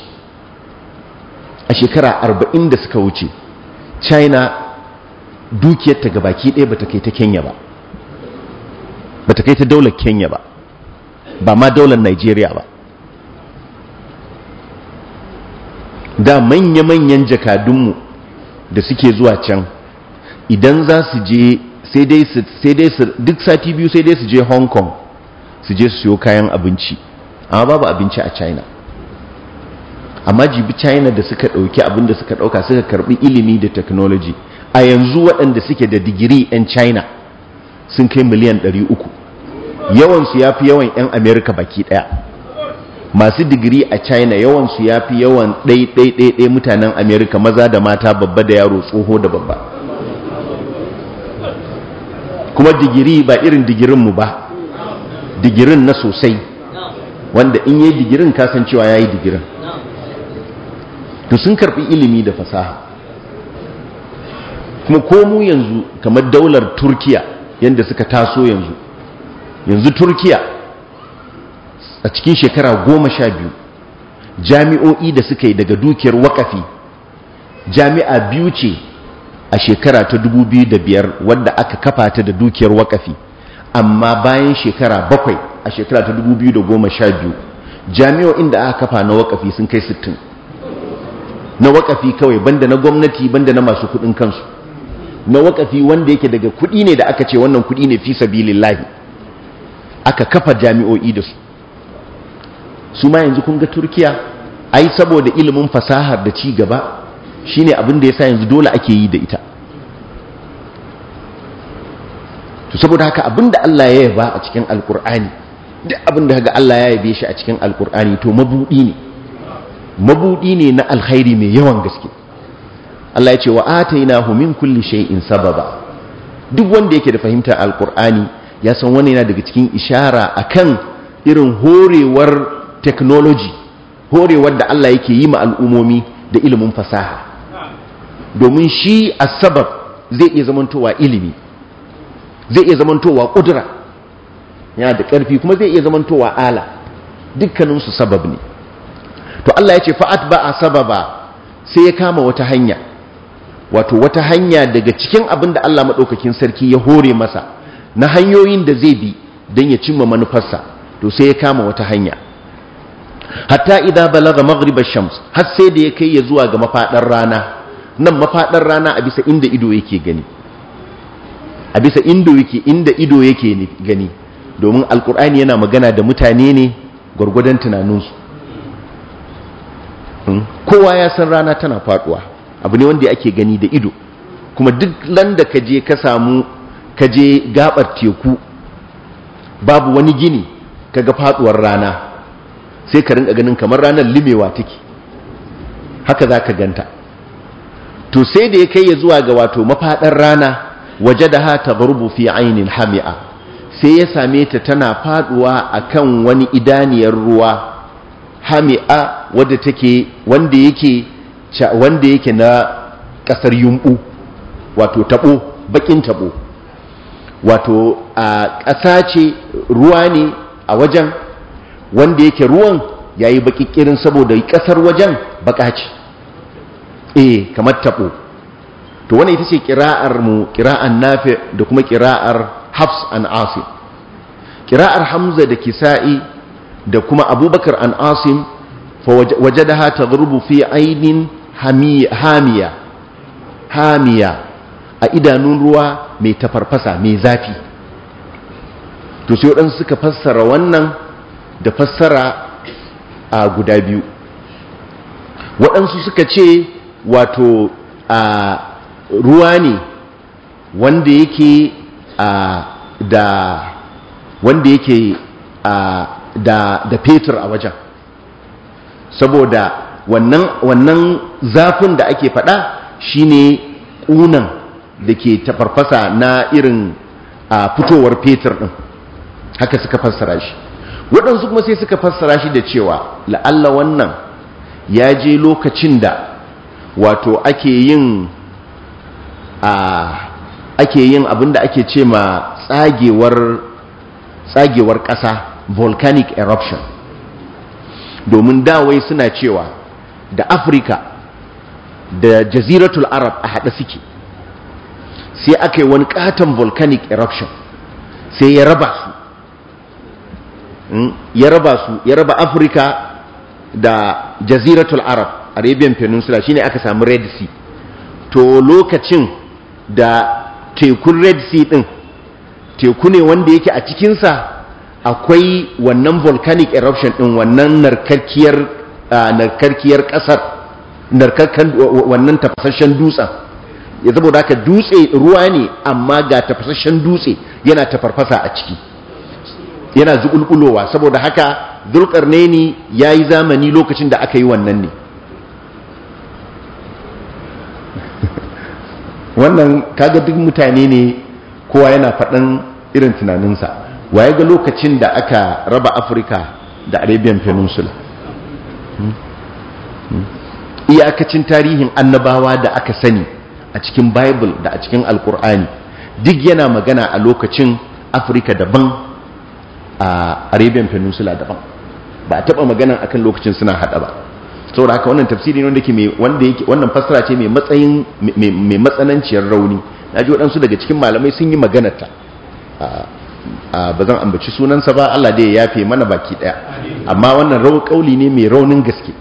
a shekara 40 da suka wuce china dukiyarta ta gabaki ɗaya ba ta kai ta kenya ba ba ta kai ta daular kenya ba ba ma daular nigeria ba da manya-manyan jakadunmu da suke zuwa can idan za su je sai dai su duk sati biyu sai dai su je hong kong su je su siyo kayan abinci amma babu abinci a china amma jibi china da suka ɗauki abinda suka ɗauka suka karɓi ilimi da technology a yanzu waɗanda suke da digiri 'yan china sun kai miliyan 300 yawansu ya fi yawan 'yan amerika baki ɗaya masu digiri a china yawansu ya fi yawan ɗaiɗaiɗaiɗai mutanen amerika maza da mata babba da yaro tsoho da babba kuma digiri ba irin digirinmu ba digirin na sosai wanda in yi digirin kasancewa ya yi digirin to sun karbi ilimi da fasaha kuma komu yanzu kamar daular turkiya yadda suka taso yanzu yanzu turkiya a cikin shekara goma sha biyu jami'o'i da suka yi daga dukiyar wakafi jami'a biyu ce a shekara ta dubu biyu da biyar wadda aka kafa ta da dukiyar wakafi amma bayan shekara bakwai a shekara ta 2012 jami'o'in da aka kafa na wakafi sun kai 60 na wakafi kawai banda na gwamnati banda na masu kudin kansu na wakafi wanda yake daga kudi ne da aka ce wannan kudi ne fi sabilillahi aka kafa jami'o'i da su su ma yanzu kun ga turkiya ai saboda ilimin fasahar da ci gaba shine abin da yasa yanzu dole ake yi da ita saboda haka abinda Allah ya yaba a cikin alkur'ani duk abinda ga Allah ya yabe shi a cikin alkur'ani to mabudi ne mabudi ne na alkhairi mai yawan gaske Allah ya ce wa atainahu min kulli shay'in sababa duk wanda yake da fahimtar alkur'ani ya san wani yana daga cikin ishara akan irin horewar technology horewar da Allah yake yi ma al'umomi da ilimin fasaha domin shi a sabab zai iya zamantowa ilimi zai iya zamantowa ƙudura yana da ƙarfi kuma zai iya zamantowa ala dukkaninsu sabab ne to Allah ya ce fa'at ba a sababa sai ya kama wata hanya wato wata hanya daga cikin abin da Allah maɗaukakin sarki ya hore masa na hanyoyin da zai bi don ya cimma manufarsa to sai ya kama wata hanya hatta bala balaga maghribash shams har sai da ya kai ya zuwa ga mafaɗar rana nan mafaɗar rana a bisa inda ido yake gani a bisa indo yake inda ido yake gani domin alkur'ani yana magana da mutane ne gwargwadon tunaninsu hmm? kowa ya san rana tana faduwa abu ne wanda ake gani da ido kuma duk landa ka je ka samu ka je gabar teku babu wani gini ka ga faduwar rana sai ka rinka ganin kamar ranar limewa take haka za ka ganta to sai da ya kai ya zuwa ga wato mafaɗar rana wajadaha taghrubu fi ainin hami'a sai ya same ta tana faduwa akan wani idaniyar ruwa hami'a wanda take wanda yake wanda yake na kasar yumbu wato tabo bakin tabo wato a ƙasa ce ruwa ne a wajen wanda yake ruwan yayi bakikirin saboda kasar wajen baka ce eh kamar tabo to wannan ita ce kira'ar mu kira'an nafi da kuma kira'ar hafs an asim kira'ar hamza da kisa'i da kuma abubakar an asim wajadaha taghrubu fi ainin hamiya hamiya a idanun ruwa mai tafarfasa mai zafi to sai waɗansu suka fassara wannan da fassara a guda biyu waɗansu suka ce wato a ruwa ne wanda yake da wanda yake da fetur a wajen saboda wannan zafin da ake fada shine ƙunan da ke tafarfasa na irin fitowar fetur ɗin haka suka fassara shi waɗansu kuma sai suka fassara shi da cewa la'alla wannan ya je lokacin da wato ake yin ake yin abin da ake ce ma tsagewar ƙasa volcanic eruption domin dawai suna cewa da afirka da jaziratul arab a haɗa suke sai aka yi wani katon volcanic eruption sai ya raba su hmm? ya raba su ya raba afirka da jaziratul arab arabian peninsula shine aka samu red sea to lokacin da tekun red sea din teku ne wanda yake a cikinsa akwai wannan volcanic eruption din wannan narkarkiyar narkarkiyar kasar narkarkan wannan tafasasshen dutsen ya saboda haka dutse ruwa ne amma ga tafasasshen dutse yana tafarfasa a ciki yana zuƙulƙulowa saboda haka zulkarnaini ya yi zamani lokacin da aka yi wannan ne wannan kaga duk mutane ne kowa yana faɗan irin tunaninsa waye ga lokacin da aka raba afirka da arabian peninsula hmm? Hmm? iyakacin tarihin annabawa da aka sani a cikin bible da a cikin alkur'ani duk yana magana a lokacin afirka daban a arabian peninsula daban ba a taɓa magana akan lokacin suna haɗa ba saboda haka wannan tafsiri ne wanda yake mai wanda wannan fasara ce mai mai matsananciyar rauni naji waɗansu daga cikin malamai sun yi maganar ta ba zan ambaci sunansa ba Allah da ya yafe mana baki ɗaya. amma wannan rawu kauli ne mai raunin gaske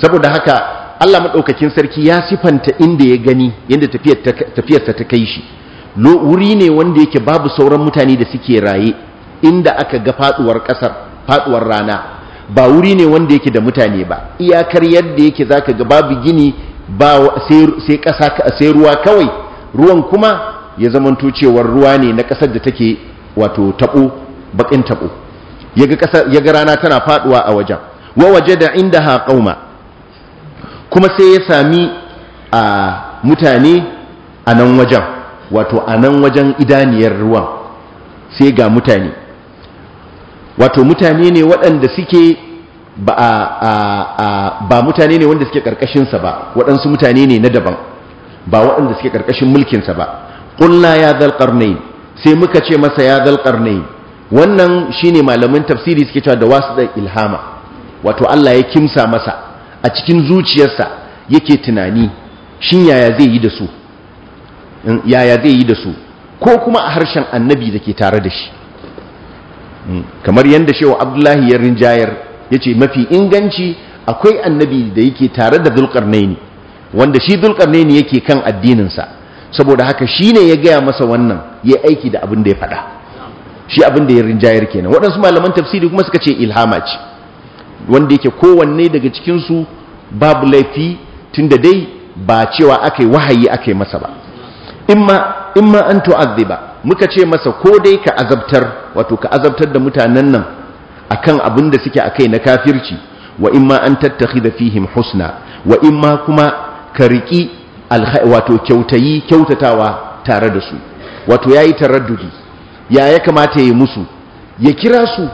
saboda haka Allah madaukakin sarki ya sifanta inda ya gani yadda tafiyarsa ta kai shi wuri ne wanda yake babu sauran mutane da suke raye inda aka ga faduwar kasar faduwar rana ba wuri ne wanda yake da mutane ba iyakar yadda yake zaka ga babu gini ba sai kasa sai ruwa kawai ruwan kuma ya zamanto cewar ruwa ne na ƙasar da take wato tabo bakin tabo yaga ƙasa yaga rana tana faduwa a wajen wa wajada indaha qauma kuma sai ya sami a mutane a nan wajen wato a nan wajen idaniyar ruwan sai ga mutane wato mutane ne waɗanda suke ba mutane ne wanda suke ƙarƙashinsa ba waɗansu mutane ne na daban ba waɗanda suke ƙarƙashin mulkinsa ba ƙulla ya sai muka ce masa ya yi, wannan shine malamin tafsiri suke cewa da wasu da ilhama wato Allah ya kimsa masa a cikin zuciyarsa yake tunani shin yaya yaya zai yi da su ko kuma a harshen annabi da ke tare da shi Mm. kamar yadda shewa abdullahi ya rinjayar ya ce mafi inganci akwai annabi da yake tare da naini wanda shi naini yake kan addininsa saboda haka shi ne ya gaya masa wannan ya aiki da abin da ya faɗa shi abin da ya rinjayar kenan waɗansu malaman tafsiri kuma suka ce ilhama ce wanda yake kowanne daga cikinsu babu laifi tun da dai ba cewa aka yi wahayi aka yi masa ba ma an ba. muka ce masa ko dai ka azabtar wato ka azabtar da mutanen nan akan abin da suke a kai na kafirci wa imma an tattakhidha fihim husna wa imma kuma ka riki wato kyautayi kyautatawa tare da su wato yayi taraddudi ya ya kamata yi musu ya kira su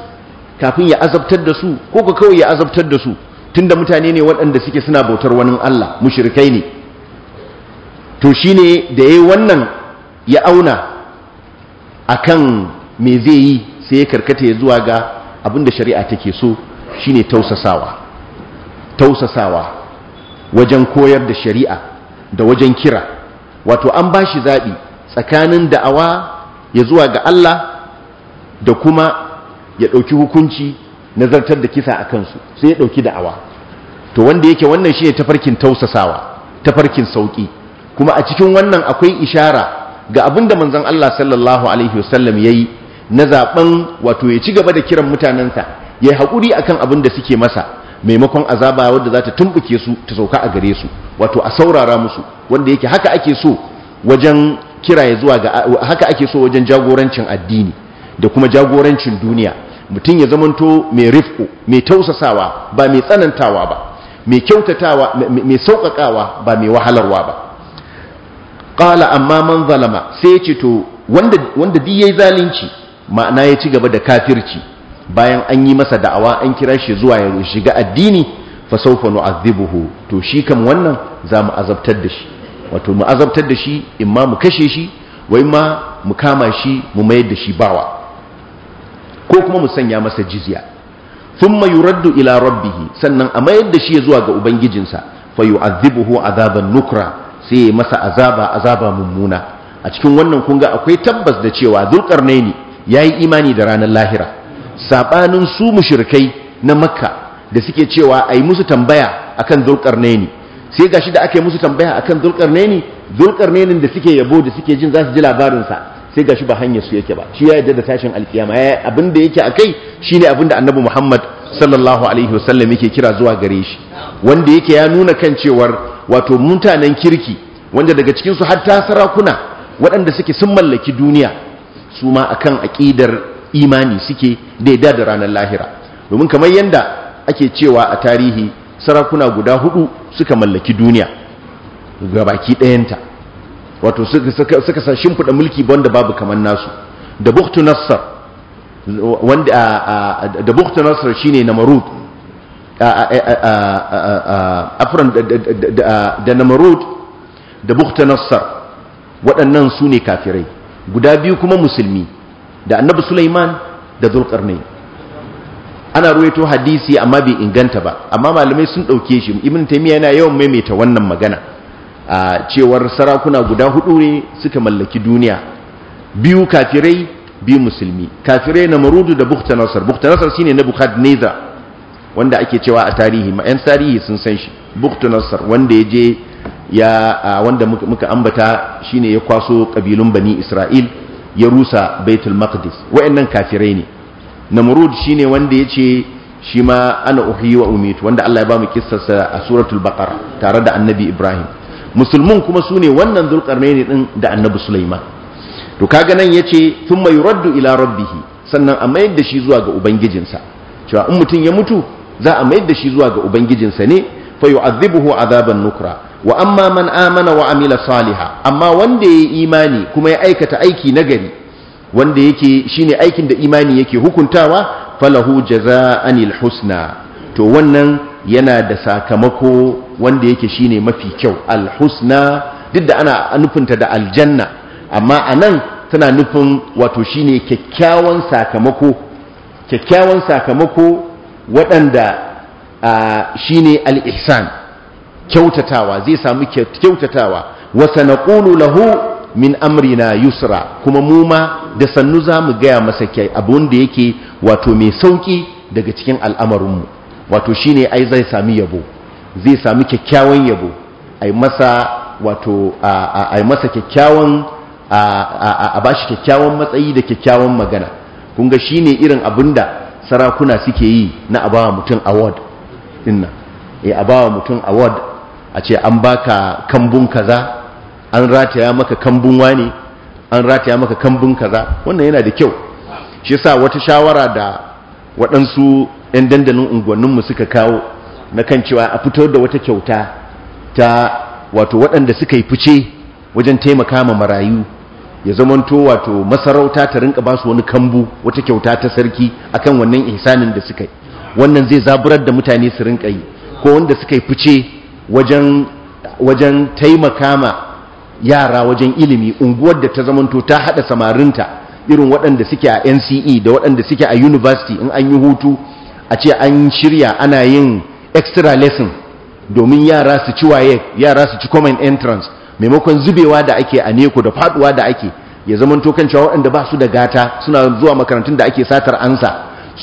kafin ya azabtar da su ko ka kawai ya azabtar da su tunda mutane ne waɗanda suke suna bautar wani Allah mushirikai ne to shine da yayi wannan ya auna akan me zai yi sai ya karkata ya zuwa ga abinda shari'a take so shine tausasawa tausasawa wajen koyar da shari'a da wajen kira wato an ba shi zaɓi tsakanin da'awa ya zuwa ga Allah da kuma ya ɗauki hukunci na zartar da kisa a kansu sai ya ɗauki da'awa to wanda yake wannan shi tafarkin tausasawa tafarkin sauƙi kuma a cikin wannan akwai ishara ga abin da manzon Allah sallallahu alaihi wasallam yayi na zaben wato ya ci gaba da kiran mutanensa ya yi haƙuri akan abin da suke masa maimakon azaba wadda za ta tumbuke su ta sauka a gare su wato a saurara musu wanda yake haka ake so wajen kira ya zuwa ga haka ake so wajen jagorancin addini da kuma jagorancin duniya mutum ya zamanto mai rifko mai tausasawa ba mai tsanantawa ba mai kyautatawa mai sauƙaƙawa ba mai wahalarwa ba qala amma man zalama sai ya ce to wanda wanda duk yayi zalunci ma'ana ya ci gaba da kafirci bayan an yi masa da'awa an kira shi zuwa ya shiga addini fa sawfa nu'adhibuhu to shi kam wannan za mu azabtar da shi wato mu azabtar da shi imma mu kashe shi wai ma mu kama shi mu mayar da shi bawa ko kuma mu sanya masa jizya thumma yuraddu ila rabbih sannan a mayar da shi zuwa ga ubangijinsa fa yu'adhibuhu azaban nukra sai ya masa azaba azaba mummuna a cikin wannan kunga akwai tabbas da cewa ya yi imani da ranar lahira saɓanin su mushrikai na makka da suke cewa a yi musu tambaya akan ne sai gashi da aka yi musu tambaya akan ne ne da suke yabo da suke jin za su ji labarinsa sai gashi ba hanyar su yake ba shi ya yadda da tashin alkiyama ya abin da yake akai shine abin da annabi Muhammad sallallahu alaihi wasallam yake kira zuwa gare shi wanda yake ya nuna kan cewar wato mutanen kirki wanda daga cikinsu hatta sarakuna waɗanda suke sun mallaki duniya su ma a akan aƙidar imani suke daida da ranar lahira domin kamar yadda ake cewa a tarihi sarakuna guda hudu suka mallaki duniya ga baki ɗayanta wato suka sa shimfiɗa mulki wanda babu kamar nasu da buktu nassar shi ne na marut afiran da namarud da bukta nassar waɗannan su ne kafirai guda biyu kuma musulmi da annabi sulaiman da zulkarnai ana ruwaito hadisi amma bai inganta ba amma malamai sun ɗauke shi ibn taimiyya yana yawan maimaita wannan magana a cewar sarakuna guda hudu ne suka mallaki duniya biyu kafirai biyu musulmi kafirai na marudu da bukta nasar. bukta nasar shine na neza wanda ake cewa a tarihi ma yan tarihi sun san shi buktu nasar wanda ya je ya wanda muka ambata shine ya kwaso kabilun bani isra'il ya rusa baitul maqdis wayannan kafirai ne namrud shine wanda yace shi ma ana uhiyi wa umit wanda Allah ya ba mu kissarsa a suratul baqara tare da annabi ibrahim musulmun kuma sune wannan ne-ne- din da annabi sulaiman to kaga nan yace thumma yuraddu ila rabbih sannan amma yadda shi zuwa ga ubangijinsa cewa in mutun ya mutu za a mai da shi zuwa ga ubangijinsa ne fa yu'adhibuhu azaban nukra wa amma man amana wa amila saliha amma wanda ya yi imani kuma ya aikata aiki nagari wanda yake shine aikin da imani yake hukuntawa falahu anil husna to wannan yana da sakamako wanda yake shine mafi kyau al-husna duk da ana nufinta da aljanna amma anan tana nufin wato shine kyakkyawan sakamako kyakkyawan sakamako waɗanda shi ne Al'isan kyautatawa zai sami kyautatawa wasa na lahu min amrina yusra kuma mu ma da sannu za mu gaya masa kyai abu da yake wato mai sauƙi daga cikin al'amarinmu wato shi ne ai zai sami yabo zai sami kyakkyawan yabo a yi masa kyakkyawan a ba shi kyakkyawan matsayi da kyakkyawan magana kunga shi ne irin abin sarakuna suke yi na abawa mutum award dinna eh, a abawa mutum award a ce an baka kambun kaza an rataya maka kambun wani an rataya maka kambun kaza wannan yana da kyau shi sa wata shawara da waɗansu 'yan dandalin unguwanninmu suka kawo na kan cewa a fitar da wata kyauta ta wato waɗanda suka yi fice wajen taimaka ma marayu ya zamanto wato masarauta ta rinka ba su wani kambu wata kyauta ta sarki akan wannan ihsanin da suka yi wannan zai zaburar da mutane su rinka yi ko wanda suka yi fice wajen wajen taimaka ma yara wajen ilimi unguwar da ta zamanto ta hada samarinta irin waɗanda suke a NCE da waɗanda suke a university in an yi hutu a ce an shirya ana yin extra lesson domin yara su ci waye yara su ci common entrance maimakon zubewa da ake a neko da faduwa da ake ya zama tokan cewa waɗanda ba su da gata suna zuwa makarantun da ake satar ansa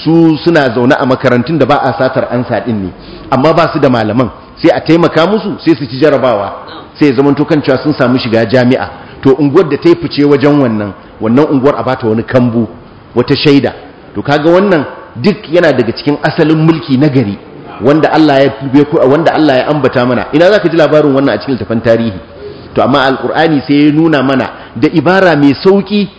su suna zaune a makarantun da ba a satar ansa din ne amma ba su da malaman sai a taimaka musu sai su ci jarabawa sai ya zama tokan cewa sun samu shiga jami'a to unguwar da ta yi fice wajen wannan wannan unguwar a bata wani kambu wata shaida to kaga wannan duk yana daga cikin asalin mulki na gari wanda Allah ya ambata mana ina zaka ji labarin wannan a cikin littafin tarihi to amma alkur'ani sai ya nuna mana da ibara mai sauki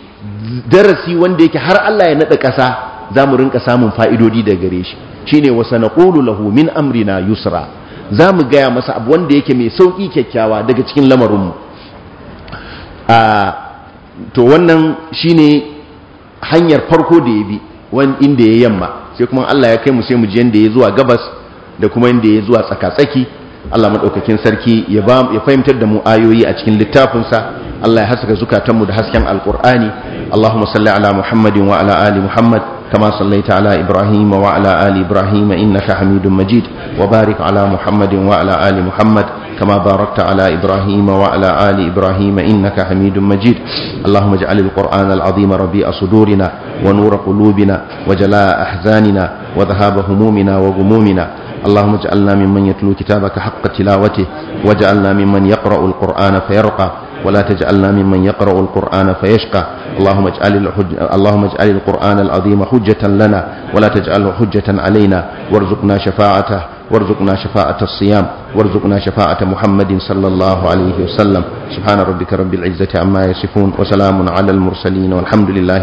darasi wanda yake har Allah ya nada kasa za mu rinka samun fa'idodi da gare shi shine wa sanaqulu lahu min amrina yusra za mu gaya masa abu wanda yake mai sauki kyakkyawa daga cikin lamarinmu a to wannan shine hanyar farko da ya bi inda ya yamma sai kuma Allah ya kai mu sai mu je inda ya zuwa gabas da kuma inda ya zuwa Tsakatsaki. Allah maɗaukakin sarki ya fahimtar da mu ayoyi a cikin littafinsa Allah ya haska zukatanmu da hasken alƙur'ani Allahumma salli ala Muhammadin wa ala Muhammad kama sallaita ala Ibrahim wa ala ali Ibrahim innaka Hamidum Majid wa barik Muhammadin wa ala Muhammad kama barakta ala Ibrahim wa ala ali Ibrahim innaka Hamidum Majid Allahumma ij'al al-Qur'an al-'azim rabi'a sudurina wa nura kulubina wa jala ahzanina wa dhahaba humumina wa gumumina اللهم اجعلنا ممن يتلو كتابك حق تلاوته واجعلنا ممن يقرأ القرآن فيرقى ولا تجعلنا ممن يقرأ القرآن فيشقى اللهم اجعل, الحج... اللهم اجعل القرآن العظيم حجة لنا ولا تجعله حجة علينا وارزقنا شفاعته وارزقنا شفاعة الصيام وارزقنا شفاعة محمد صلى الله عليه وسلم سبحان ربك رب العزة عما يصفون وسلام على المرسلين والحمد لله